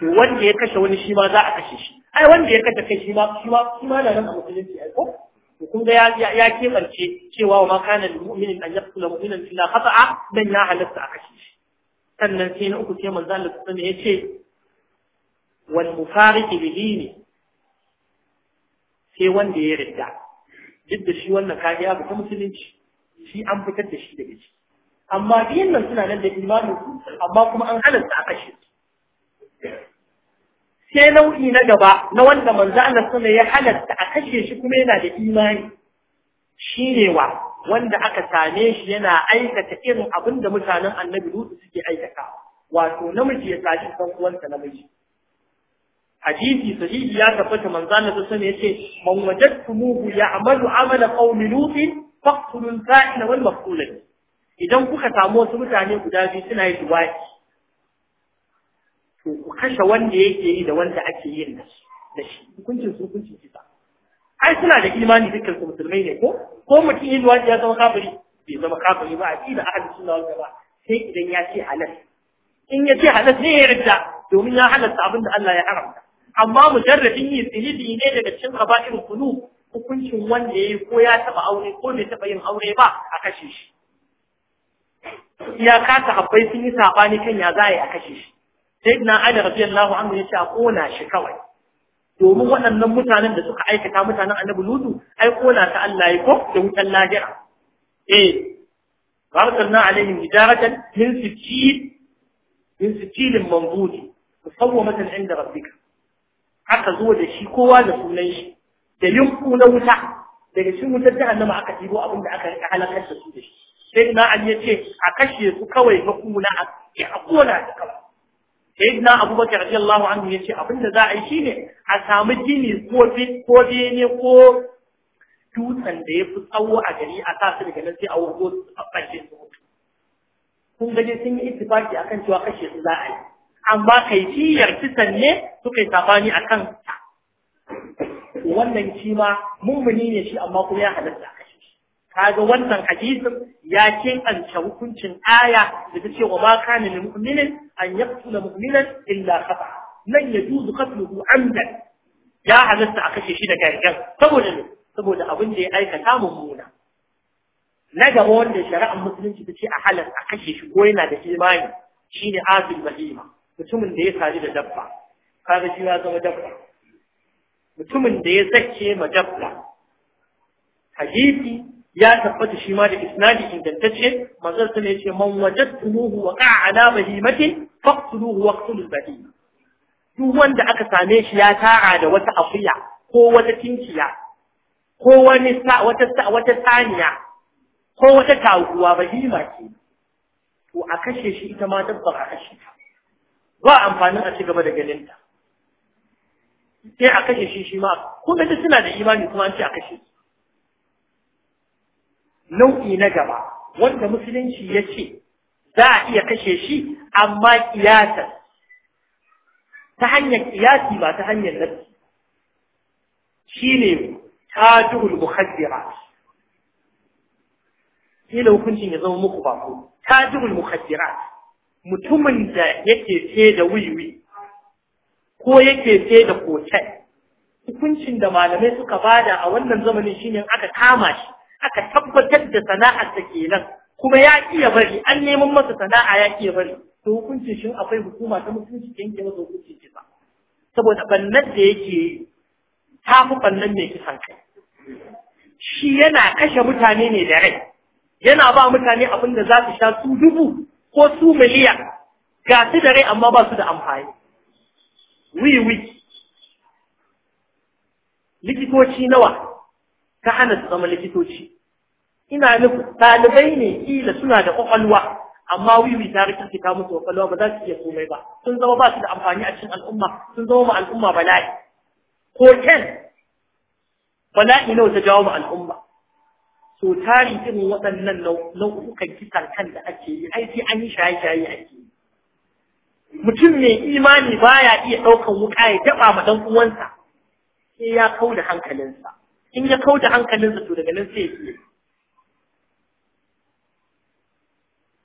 to wanda ya kashe wani shi ma za a kashe shi ai wanda ya kashe kai shi ma shi ma shi ma na nan a musulunci ai ko to kun ga ya ya kebance cewa wa ma kana lil mu'minin an yaqtula mu'minan illa khata'a dan ya halatta a kashe shi sannan sai na uku sai manzo Allah sallallahu alaihi ya ce wal mufariqi bidini sai wanda ya yarda, duk da shi wannan kariya abu ta musulunci shi an fitar da shi daga ciki amma biyan nan suna nan da imanin su amma kuma an halarta a kashe su sai nau'i na gaba na wanda manzo Allah sallallahu ya halarta a kashe shi kuma yana da imani shine wa wanda aka same shi yana aikata irin abin da mutanen Annabi Lutu suke aikata wato namiji ya tashi san uwansa namiji hadisi sahihi ya tabbata manzo Allah ta sani yace man wajadtumuhu ya'malu amala qaumi lutin faqtulul fa'ila wal maf'ula idan kuka samu wasu mutane guda biyu suna yin duwaki to ku kashe wanda yake yi da wanda ake yin da shi hukuncin su hukuncin kisa ai suna da imani dukkan su musulmai ne ko ko mutum yin duwaki ya zama kafiri bai zama kafiri ba a kila ahli sunna wal ba? sai idan ya ce halas. in ya ce halas ne ya yarda domin ya halatta abin da Allah ya haramta amma mujarradin yin zunubi ne daga cikin kaba'ir kunu hukuncin wanda yayi ko ya taba aure ko bai taba yin aure ba a kashe shi ya kasa habbai sun yi sabani kan ya zai a kashe shi sayyidina ali radiyallahu anhu yace a kona shi kawai domin waɗannan mutanen da suka aikata mutanen annabi lutu ai kona ta Allah ya ko da wutan lahira eh فأرسلنا عليهم هجارة من سجيل من سجيل منضود مصومة عند ربك aka zo da shi kowa da sunan shi da yunku na wuta daga cikin wutar jahannama aka ɗibo abin da aka halakar da su da shi sai na ali ya ce a kashe su kawai kuna a a kona da kawai sai na abubakar radiyallahu anhu ya ce abin da za a yi shine a samu jini ko ko bene ko dutsen da ya fi tsawo a gari a sa su daga nan sai a wurgo su a ɓace su kun gaje sun yi ittifaki akan cewa kashe su za a yi amma kaifiyar kisan ne suka yi safani a kan wannan shi ma mummuni ne shi amma kuma ya halatta kaga wannan hadisin ya kinkanci hukuncin aya da ta ce wa ma kana lil mu'minin an yaqtula mu'minan illa khata lan yajuzu qatluhu amdan ya halatta a kashe shi da gargan saboda ne saboda abin da ya aikata mummuna na gaba wanda shari'ar musulunci ta ce a halar a kashe shi ko yana da imani shine azul bahima mutumin da ya sadu da dabba kaga shi ya zama dabba mutumin da ya zake ma dabba hadisi ya tabbata shi ma da isnadi ingantacce manzon sun yace man wajadtuhu wa qa'ala bahimatin faqtuluhu waqtul bahim duk wanda aka same shi ya tara da wata afiya ko wata tinkiya ko wani wata wata saniya ko wata taguwa bahima ce to a kashe shi ita ma dabbar a kashe ta ba amfanin a ci gaba da ganin ta sai a kashe shi shi ma kuma duk suna da imani kuma an ce a kashe su nau'i na gaba wanda musulunci ya ce za a iya kashe shi amma kiyasa ta hanyar kiyasi ba ta hanyar nafi shine tajul mukhaddirat kila hukuncin ya zama muku ba ko tajul mukhaddirat mutumin da yake ce da wiwi ko yake ce da kotai hukuncin da malamai suka bada a wannan zamanin shine aka kama shi aka tabbatar da sana'ar ta kenan kuma ya iya bari an neman masa sana'a ya iya bari to hukuncin shi akwai hukuma ta mutunci yanke masa hukuncin ba. saboda bannan da yake ta fi bannan mai kisan kai shi yana kashe mutane ne da rai yana ba mutane abin da za su sha su dubu ko su miliyan ga su da rai amma ba su da amfani wiwi likitoci nawa ka hana su zama likitoci ina nufin ɗalibai ne ila suna da ƙwaƙwalwa amma wiwi ta ta musu ƙwaƙwalwa ba za su iya komai ba sun zama ba su da amfani a cikin al'umma sun zama ma al'umma bala'i ko ken bala'i nawa ta jawo ma al'umma so tari irin waɗannan nau'ukan kisan kan da ake yi aiki sai an yi shaye-shaye ake yi mutum mai imani baya iya ɗaukan wuƙa ya taba ma ɗan uwansa sai ya kauda da hankalinsa in ya kau hankalinsa to daga nan sai ya fiye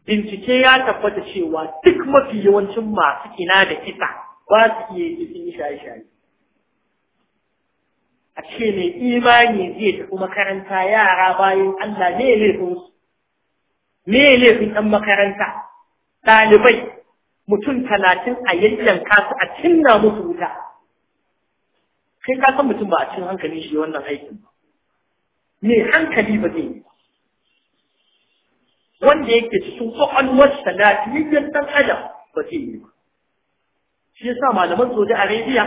bincike ya tabbata cewa duk mafi yawancin masu kina da kisa ba su iya yi sun yi shaye-shaye ce mai imani zai tafi makaranta yara bayan Allah ne laifinsu ne laifin ɗan makaranta ɗalibai mutum talatin a yayyanka su a cinna musu wuta kai ka san mutum ba a cin hankali shi wannan aikin ba me hankali ba zai yi wanda yake cikin kwakwalwarsa lafiyayyen ɗan adam ba zai yi ba shi yasa malaman a arabia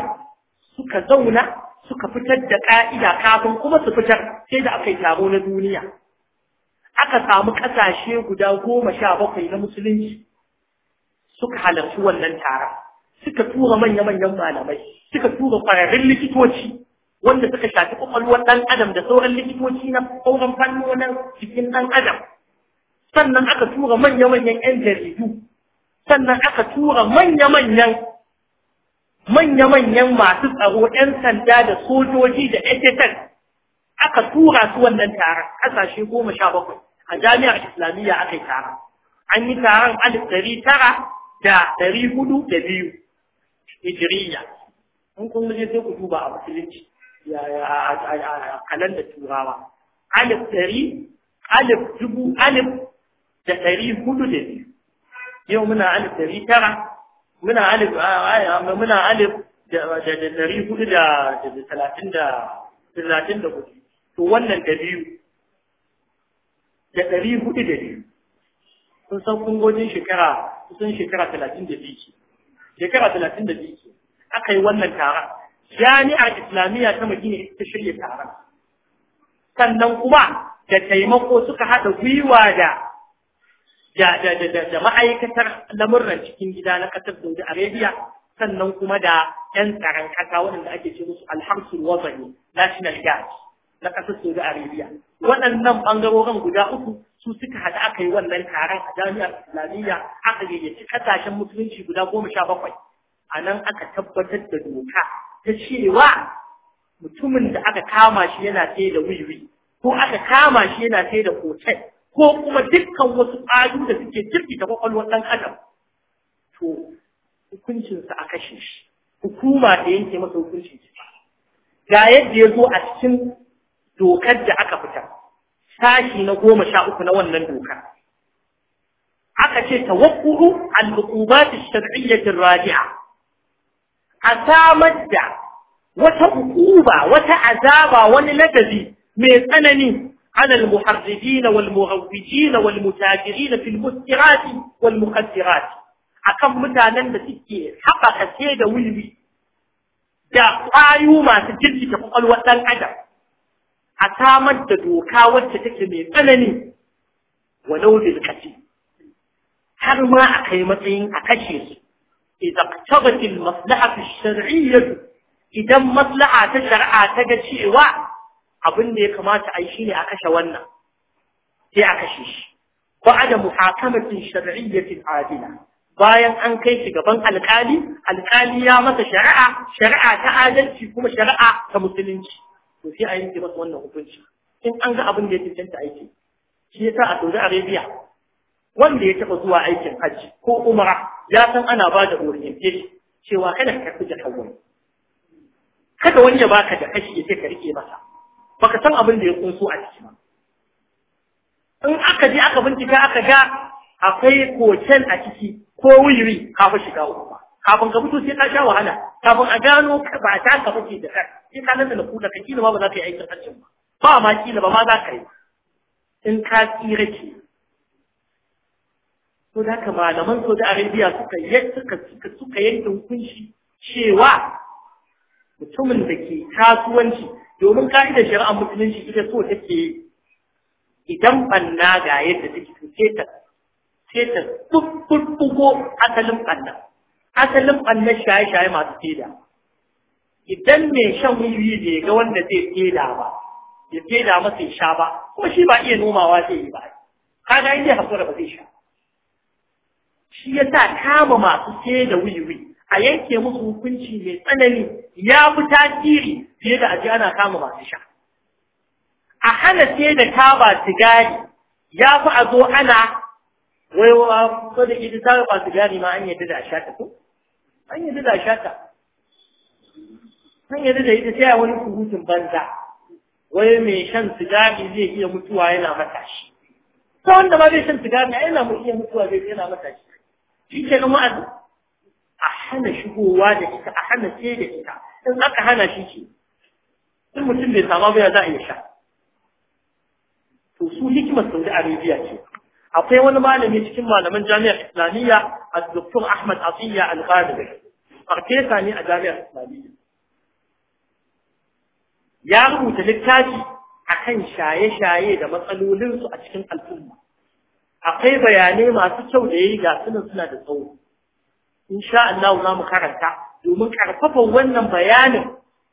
suka zauna suka fitar da ƙa'ida kafin kuma su fitar sai da aka yi taro na duniya aka samu ƙasashe guda goma sha bakwai na musulunci suka halarci wannan taron suka tura manya-manyan malamai suka tura ƙwararrun likitoci wanda suka shafi ƙwaƙwalwar ɗan adam da sauran likitoci na sauran fannonin jikin ɗan adam sannan aka tura manya-manyan 'yan jaridu sannan aka tura manya-manyan manya-manyan masu tsaro 'yan sanda da sojoji da SSS aka tura su wannan taron ƙasashe goma sha bakwai a jami'ar islamiyya aka yi taron an yi taron alif ɗari tara da ɗari hudu da biyu hijiriya in kun je sai ku duba a musulunci a kalan da turawa alif ɗari alif dubu alif da ɗari hudu da biyu yau muna alif ɗari tara muna alif muna alif da dari hudu da talatin da talatin da hudu to wannan da biyu da dari hudu da biyu sun san kungojin shekara sun shekara talatin da biyu ce shekara talatin da biyu ce aka yi wannan taron jami'ar islamiyya ta madina ita shirya taron sannan kuma da taimako suka haɗa gwiwa da da ma'aikatar lamurran cikin gida na ƙasar Saudi Arabia sannan kuma da 'yan tsaron ƙasa waɗanda ake ce musu alhamsul wazani national guard na ƙasar Saudi Arabia waɗannan ɓangarorin guda uku su suka haɗu aka yi wannan taron a jami'ar Islamiyya aka gayyaci ƙasashen musulunci guda goma sha bakwai a nan aka tabbatar da doka ta cewa mutumin da aka kama shi yana sai da wiwi ko aka kama shi yana sai da hotel ko kuma dukkan wasu ƙayu da suke da kwakwalwar ɗan adam to hukuncinsa a kashe shi hukuma da yanke masa hukuncin ciki ga yadda ya zo a cikin dokar da aka fita sashi na goma sha uku na wannan doka aka ce tawakkuru an hukumat ta shariyyah rajia a samar da wata hukuma wata azaba wani ladabi mai tsanani على المحرفين والمغوجين والمتاجرين في المسكرات والمخدرات akan mutanen da suke haɓaka ce da wulwi da ƙwayo masu ta kwakwalwar ɗan adam a samar da doka wacce take mai tsanani walau bil kashi har ma a kai matsayin a kashe su idan tabatil maslaha shar'iyya idan maslaha ta shar'a ta ga cewa abin da ya kamata a yi shi ne a kashe wannan sai a kashe shi ba da muhakamatin shar'iyyatin adina. bayan an kai shi gaban alkali alkali ya masa shari'a shari'a ta adalci kuma shari'a ta musulunci to sai a yi yanke masa wannan hukunci in an ga abin da ya cancanta aiki shi sa a Saudi Arabia wanda ya taɓa zuwa aikin hajji ko umara ya san ana ba da orientation cewa kada ka karbi jakan kada wani ya baka da kashi ya ce ka rike masa baka san abin da ya kunsu a ciki ba in aka je aka bincika aka ga akwai koken a ciki ko wiwi kafin shiga uku kafin ka fito sai ka sha wahala kafin a gano ba ta ka fice da kai sai ka nan da ku ka kila ba za ka yi aikin hajjin ba ba ma kila ba ma za ka yi in ka tsira ke to da ka malaman Saudi Arabia suka suka suka suka yanke hukunci cewa mutumin da ke kasuwanci domin ka'idar shari'a musulunci ita so take idan banna ga yadda take to sai ta sai ta asalin banna asalin banna shaye-shaye masu teda idan mai shan wiwi ya ga wanda zai teda ba ya teda masa ya sha ba ko shi ba iya nomawa zai yi ba kaga inda hakura ba zai sha shi ya sa kama masu feda wiwi a yanke musu hukunci mai tsanani ya fi tasiri fiye da aji ana kama masu sha a hana sai da taba sigari ya fi a zo ana waiwa ko da ita taba sigari ma an yi da a shata ko an yi da a shata an yadda da ita sai a wani surutun banza wai mai shan sigari zai iya mutuwa yana matashi ta wanda ma zai shan sigari yana iya mutuwa zai yana matashi shi ke nan wa'azi hana shigowa da ita a hana sai da ita in aka hana shi ce in mutum bai sama ba za a iya sha to su hikimar saudi arabia ce akwai wani malami cikin malaman jami'ar islamiyya a doktor ahmad asiya al farfesa ne a jami'ar islamiyya ya rubuta littafi a kan shaye-shaye da matsalolinsu a cikin al'umma akwai bayanai masu kyau da ya yi ga suna da tsawo insha Allah za mu karanta domin karfafa wannan bayanin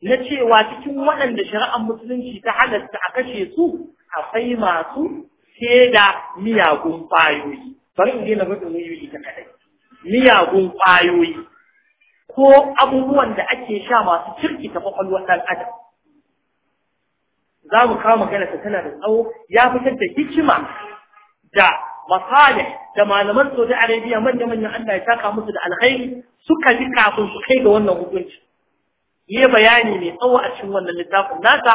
na cewa cikin waɗanda shari'ar musulunci ta halatta a kashe su akwai masu sheda miyagun ƙwayoyi bari in daina domin yi ta kaɗai miyagun ƙwayoyi ko abubuwan da ake sha masu kirki ta kwakwalwar ɗan adam za mu kawo magana ta tana da tsawo ya fitar da hikima da masalih da malaman Saudi Arabia manya manyan Allah ya taka musu da alkhairi suka ji kafin su kai ga wannan hukunci yi bayani mai tsawo a cikin wannan littafin nasa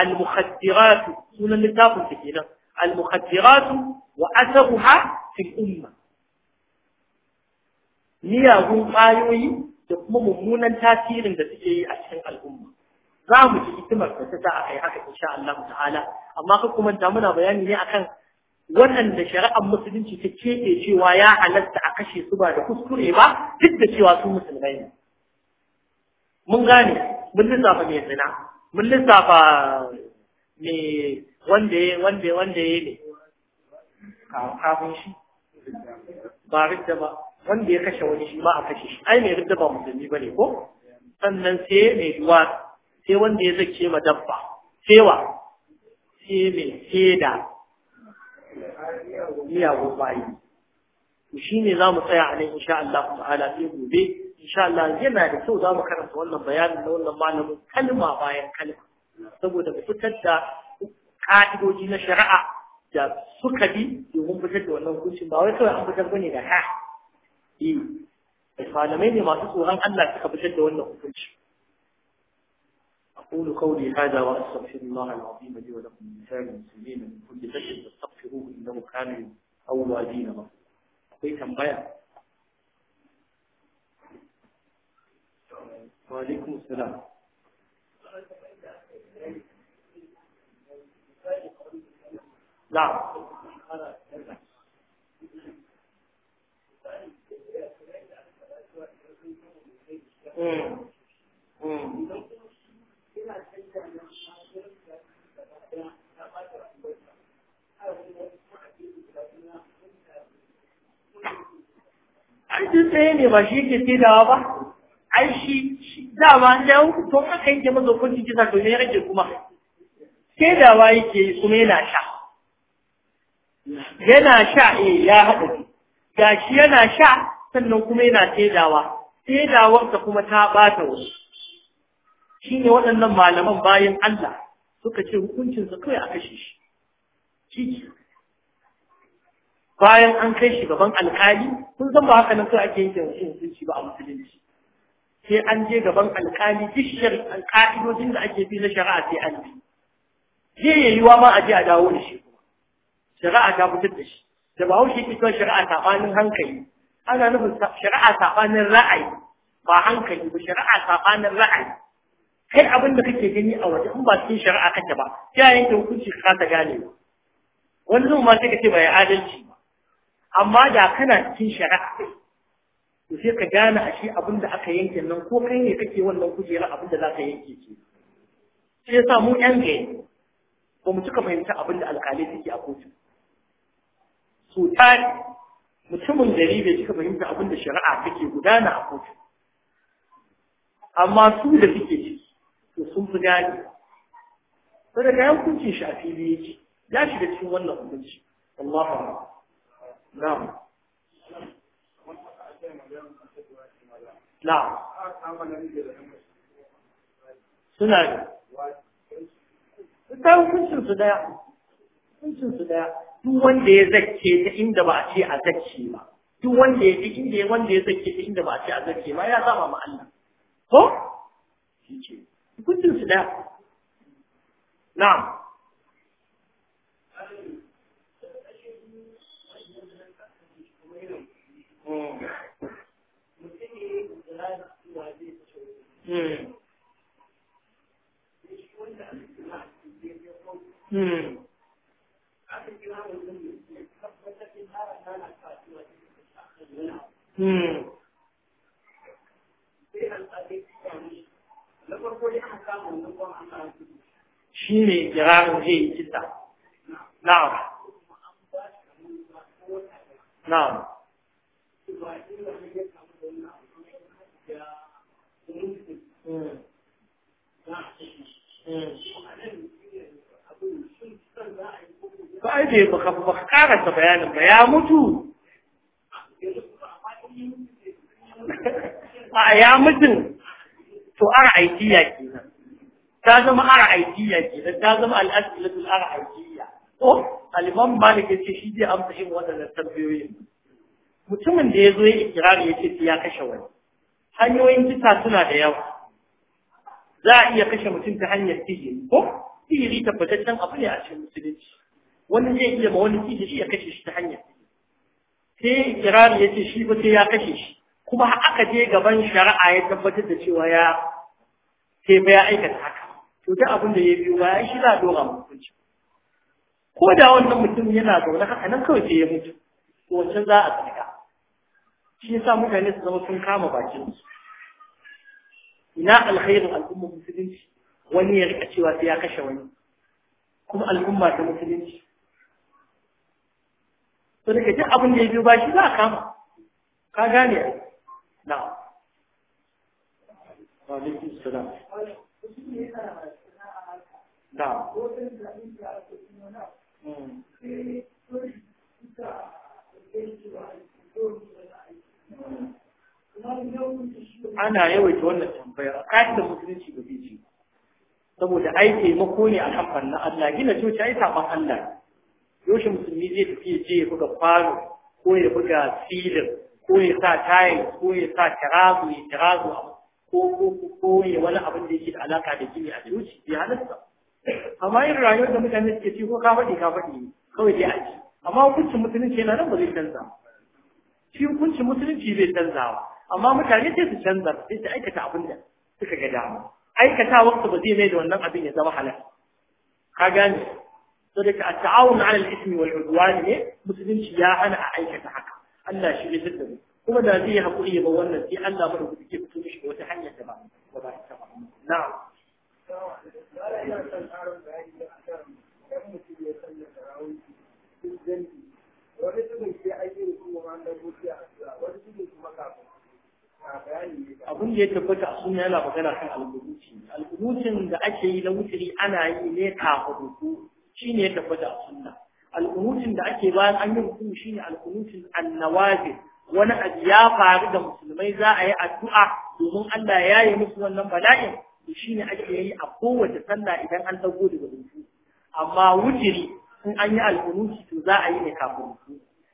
al-mukhaddirat sunan littafin ta kenan al-mukhaddirat wa asaruha umma miyagun ƙwayoyi da kuma mummunan tasirin da suke yi a cikin al'umma za mu ji hikimar da ta sa a kai haka insha Allah ta'ala amma kuma manta muna bayani ne akan waɗanda shari'ar musulunci ta keɓe cewa ya halatta a kashe su ba da kuskure ba duk da cewa su musulmai ne. Mun gane, mun lissafa mai zina, mun lissafa mai wanda ya wanda wanda ya ne kafin shi ba ridda ba wanda ya kashe wani shi ba a kashe shi ai mai ridda ba musulmi ba ne ko sannan sai mai duwa sai wanda ya zake ma dabba wa, sai mai seda miyagun bayi to ne za mu tsaya a nan insha Allah ta'ala sai gobe insha Allah yana da kyau za mu karanta wannan bayanin na wannan malamin kalma bayan kalma saboda mu fitar da ka'idoji na shari'a da suka bi domin fitar da wannan hukuncin ba wai kawai an fitar ne da ha eh malamai ne masu tsoron Allah suka fitar da wannan hukunci أقول قولي هذا وأستغفر الله العظيم لي ولكم من سائر المسلمين من كل شيء فاستغفروه إنه كان أوابين غفورا أعطيك تنبيه وعليكم السلام نعم امم امم an jin tsaye ne ba shi ke tsedawa ba ai shi dama an jawo to aka yanke masa hukuncin kisa to ne rage kuma tsedawa yake kuma yana sha yana sha eh ya ga shi yana sha sannan kuma yana tsedawa tsedawar ta kuma ta ɓata wasu shi ne waɗannan malaman bayan Allah suka ce hukuncinsa kawai a kashe shi shi bayan an kai shi gaban alkali kun san ba haka nan kawai ake yanke rashin hukunci ba a musulunci sai an je gaban alkali bishiyar ka'idojin da ake bi na shari'a sai an bi zai yi yiwa ma a je a dawo da shi kuma shari'a ta fitar da shi da ba haushe ke cewa shari'a saɓanin hankali ana nufin shari'a saɓanin ra'ayi ba hankali ba shari'a saɓanin ra'ayi kai abin da kake gani a waje in ba cikin shari'a kake ba ya yanke hukunci ka ta gane wani zuwa ma sai ka ce bai adalci ba amma da kana cikin shari'a to sai ka gane a shi abin da aka yanke nan ko kai ne kake wannan kujera abin da za ka yanke shi shi sa mu yan gaye ba mu cika fahimta abin da alƙalai suke a kotu so tari mutumin gari bai cika fahimta abin da shari'a take gudana a kotu amma su da suke ciki to sun fi gani sai daga yan shi a fili yake ya shiga cikin wannan hukunci Allahu akbar na'am na'am suna da ta hukuncin su daya hukuncin su daya duk wanda ya zake ta inda ba a ce a zake ba duk wanda ya ji inda wanda ya zakke ta inda ba a ce a zake ba ya zama ma Allah ko shi ce gudun su da na'am Hmm. Hmm. Hmm. hmm. shi ne kirarin zai yi na na'am na'am ba a yi baka baka karanta bayanin ba ya mutu a ya mutu? to ara aiki ya kenan ta zama ar'aidiyya ke da ta zama al'asilatul ar'aidiyya to al malik yace shi zai amsa irin waɗannan tambayoyin mutumin da ya zo ya ikirari ya ce ya kashe wani hanyoyin kisa suna da yawa za a iya kashe mutum ta hanyar sihiri ko sihiri tabbataccen abu ne a cikin musulunci wani zai iya ma wani sihiri ya kashe shi ta hanyar sai ikirari ya ce shi ba sai ya kashe shi kuma aka je gaban shari'a ya tabbatar da cewa ya sai ba ya aikata haka to abin da ya biyo bayan shi za a dora ko da wannan mutum yana zaune haka nan kawai sai ya mutu wancan za a tsaka shi sa mutane su zama sun kama bakin su ina alkhairin al'ummar musulunci wani ya rika cewa sai ya kashe wani kuma al'umma ta musulunci su da duk abin da ya biyo shi za a kama ka gane na wa alaikum salam da hmm. ana yawaita wannan tambayar a da musulunci da zai saboda ai taimako ne a kamfan na Allah gina coci ai saman Allah yaushe musulmi zai tafi je ya buga faro ko ya buga filin ko ya sa tayin ko ya sa tirazu ya tirazu ko ko ko ya wani abin da yake da alaka da gini a coci ya halatta amma yin rayuwar da mutane suke ci ko ka faɗi ka faɗi kawai dai a ci amma hukuncin musulunci yana nan ba zai canza shi hukuncin musulunci bai canzawa amma mutane sai su canza sai su aikata abin da suka ga dama Aikata su ba zai mai da wannan abin ya zama halal ka gane so da a ta'awun ala al-ismi wal udwan ne musulunci ya hana a aikata haka Allah shi ya tada kuma da zai haƙuri ba wannan sai Allah ba da kuke fito mishi wata hanya ta ba ba ta ba na'am abin da ya tabbata a suna yana magana kan alkunuci alkunucin da ake yi na wuturi ana yi ne kafin ruku shi ne ya tabbata a suna alkunucin da ake bayan an yi ruku shi ne alkunucin annawazi wani abu ya faru da musulmai za a yi addu'a domin Allah ya yi musu wannan bala'in to shine ake yi a kowace sallah idan an dago daga ruku amma wujiri in an yi alƙunuti to za a yi ne kafin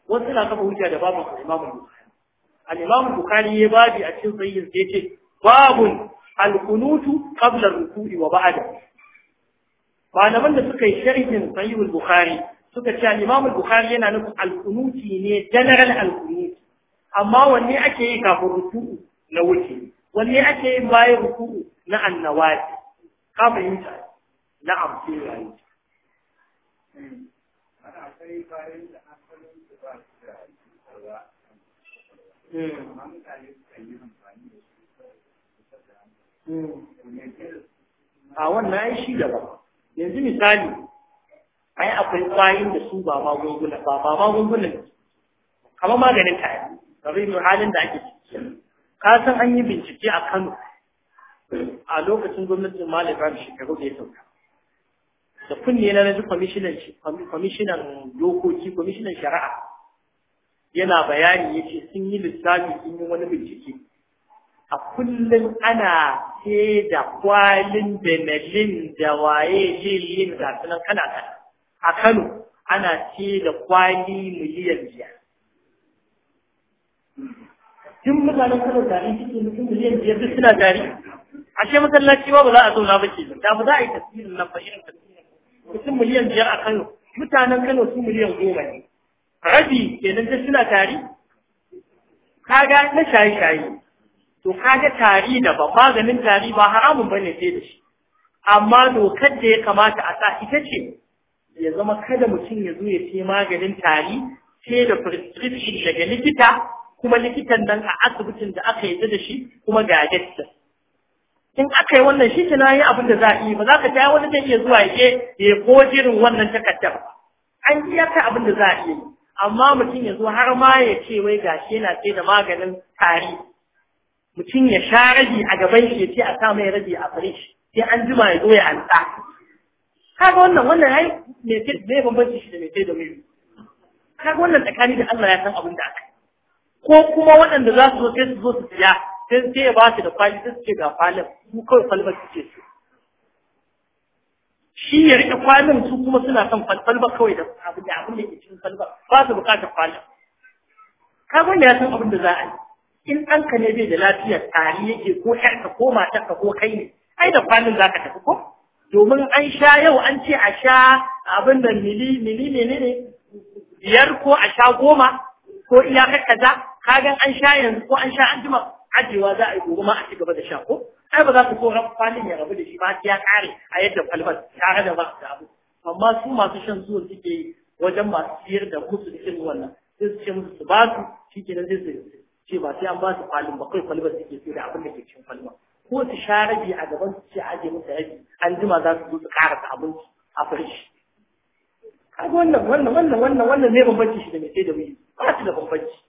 wasu na kafa hujja da babu al-Imam Bukhari al Bukhari ya babi a cikin sayyin sai ce babun al qabla rukui wa ba'da malaman da suka yi sharhin sahih al-Bukhari suka ce al-Imam bukhari yana nufin al ne general al amma wanne ake yi kafin ruku'u na wuce Wani ake yin bayan ruku'u na annawati ka fahimta na amfi yayi hmm. Hmm. a wannan ai shi gaba yanzu misali ai akwai kwayin da su ba magunguna ba ba magunguna Kama maganin tare ba zai halin da ake ciki ka san an yi bincike a Kano a lokacin gwamnatin malam ibrahim shekaru da ya sauka da kunne na naji kwamishinan kwamishinan dokoki kwamishinan shari'a yana bayani yace sun yi lissafi sun yi wani bincike a kullum ana ce da kwalin benelin da waye lilin da sunan kana kana a Kano ana ce da kwali miliyan biyar duk mutanen kano tari suke mutum miliyan biyar duk suna tari ashe masallaci ba ba za a zauna ba ke da ba za a yi tasirin nan ba irin tasirin mutum miliyan biyar a kano mutanen kano su miliyan goma ne rabi kenan duk suna tari ga na shaye-shaye to kaga tari da ba maganin tari ba haramun ba bane sai da shi amma dokar da ya kamata a sa ita ce ya zama kada mutum ya zo ya ce maganin tari sai da prescription daga likita kuma likitan nan a asibitin da aka yi da shi kuma ga gaskiya in aka yi wannan shi ke yi abin da za a yi ba za ka ta wani zai iya zuwa yake ya ko jirin wannan takardar an yi kai abin da za a yi amma mutum ya zo har ma ya ce wai shi yana sai da maganin tari mutum ya sha rabi a gaban shi ya ce a sa mai rabi a firish sai an jima ya zo ya alƙa kaga wannan wannan ai me me bambanci shi da me ke da me kaga wannan tsakani da Allah ya san abin da aka ko kuma waɗanda za su zo su zo su tsaya sai sai ya ba su da kwali sai su ce ga falin su kawai falbar suke su shi ya riƙe kwalin su kuma suna son falbar kawai da abu da abin da ke cikin falbar ba su bukatar kwalin ka gwanda ya san abin da za a yi in ɗanka ne bai da lafiyar tari yake ko ƴarka ko matarka ko kai ne ai da kwalin za ka tafi ko domin an sha yau an ce a sha abin da mili mili ne ne biyar ko a sha goma ko iya iyakar za kagan an sha yanzu ko an sha an jima ajewa za a yi gobe ma a ci gaba da sha ko ai ba za ku ko kwalin ya rabu da shi ba ya kare a yadda kwalbar tare da ba da abu amma su masu shan zuwa suke wajen masu siyar da musu irin wannan sai su ce musu su ba su shi ke nan zai su ce ba sai an ba su kwalin ba kai kwalbar suke sai da abin da ke cikin kwalbar ko su sha rabi a gaban su ce aje musu rabi an jima za su zo su karasa abinci a farshi kaga wannan wannan wannan wannan wannan ne bambanci shi da mai sai da mai ba su da bambanci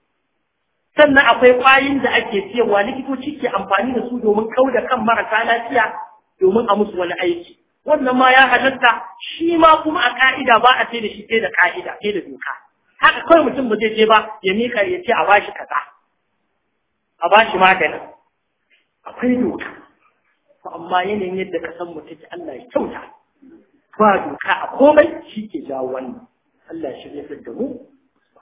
sannan akwai ƙwayin da ake siyarwa likitoci ke amfani da su domin kau da kan marasa lafiya domin a musu wani aiki wannan ma ya halatta shi ma kuma a ka'ida ba a sai da shi sai da ka'ida sai da doka haka kawai mutum ba zai je ba ya mika ya ce a bashi kaza a bashi maganin akwai doka To amma yanayin yadda ka san mutum Allah ya kyauta ba doka a komai shi ke jawo wannan Allah shi zai da mu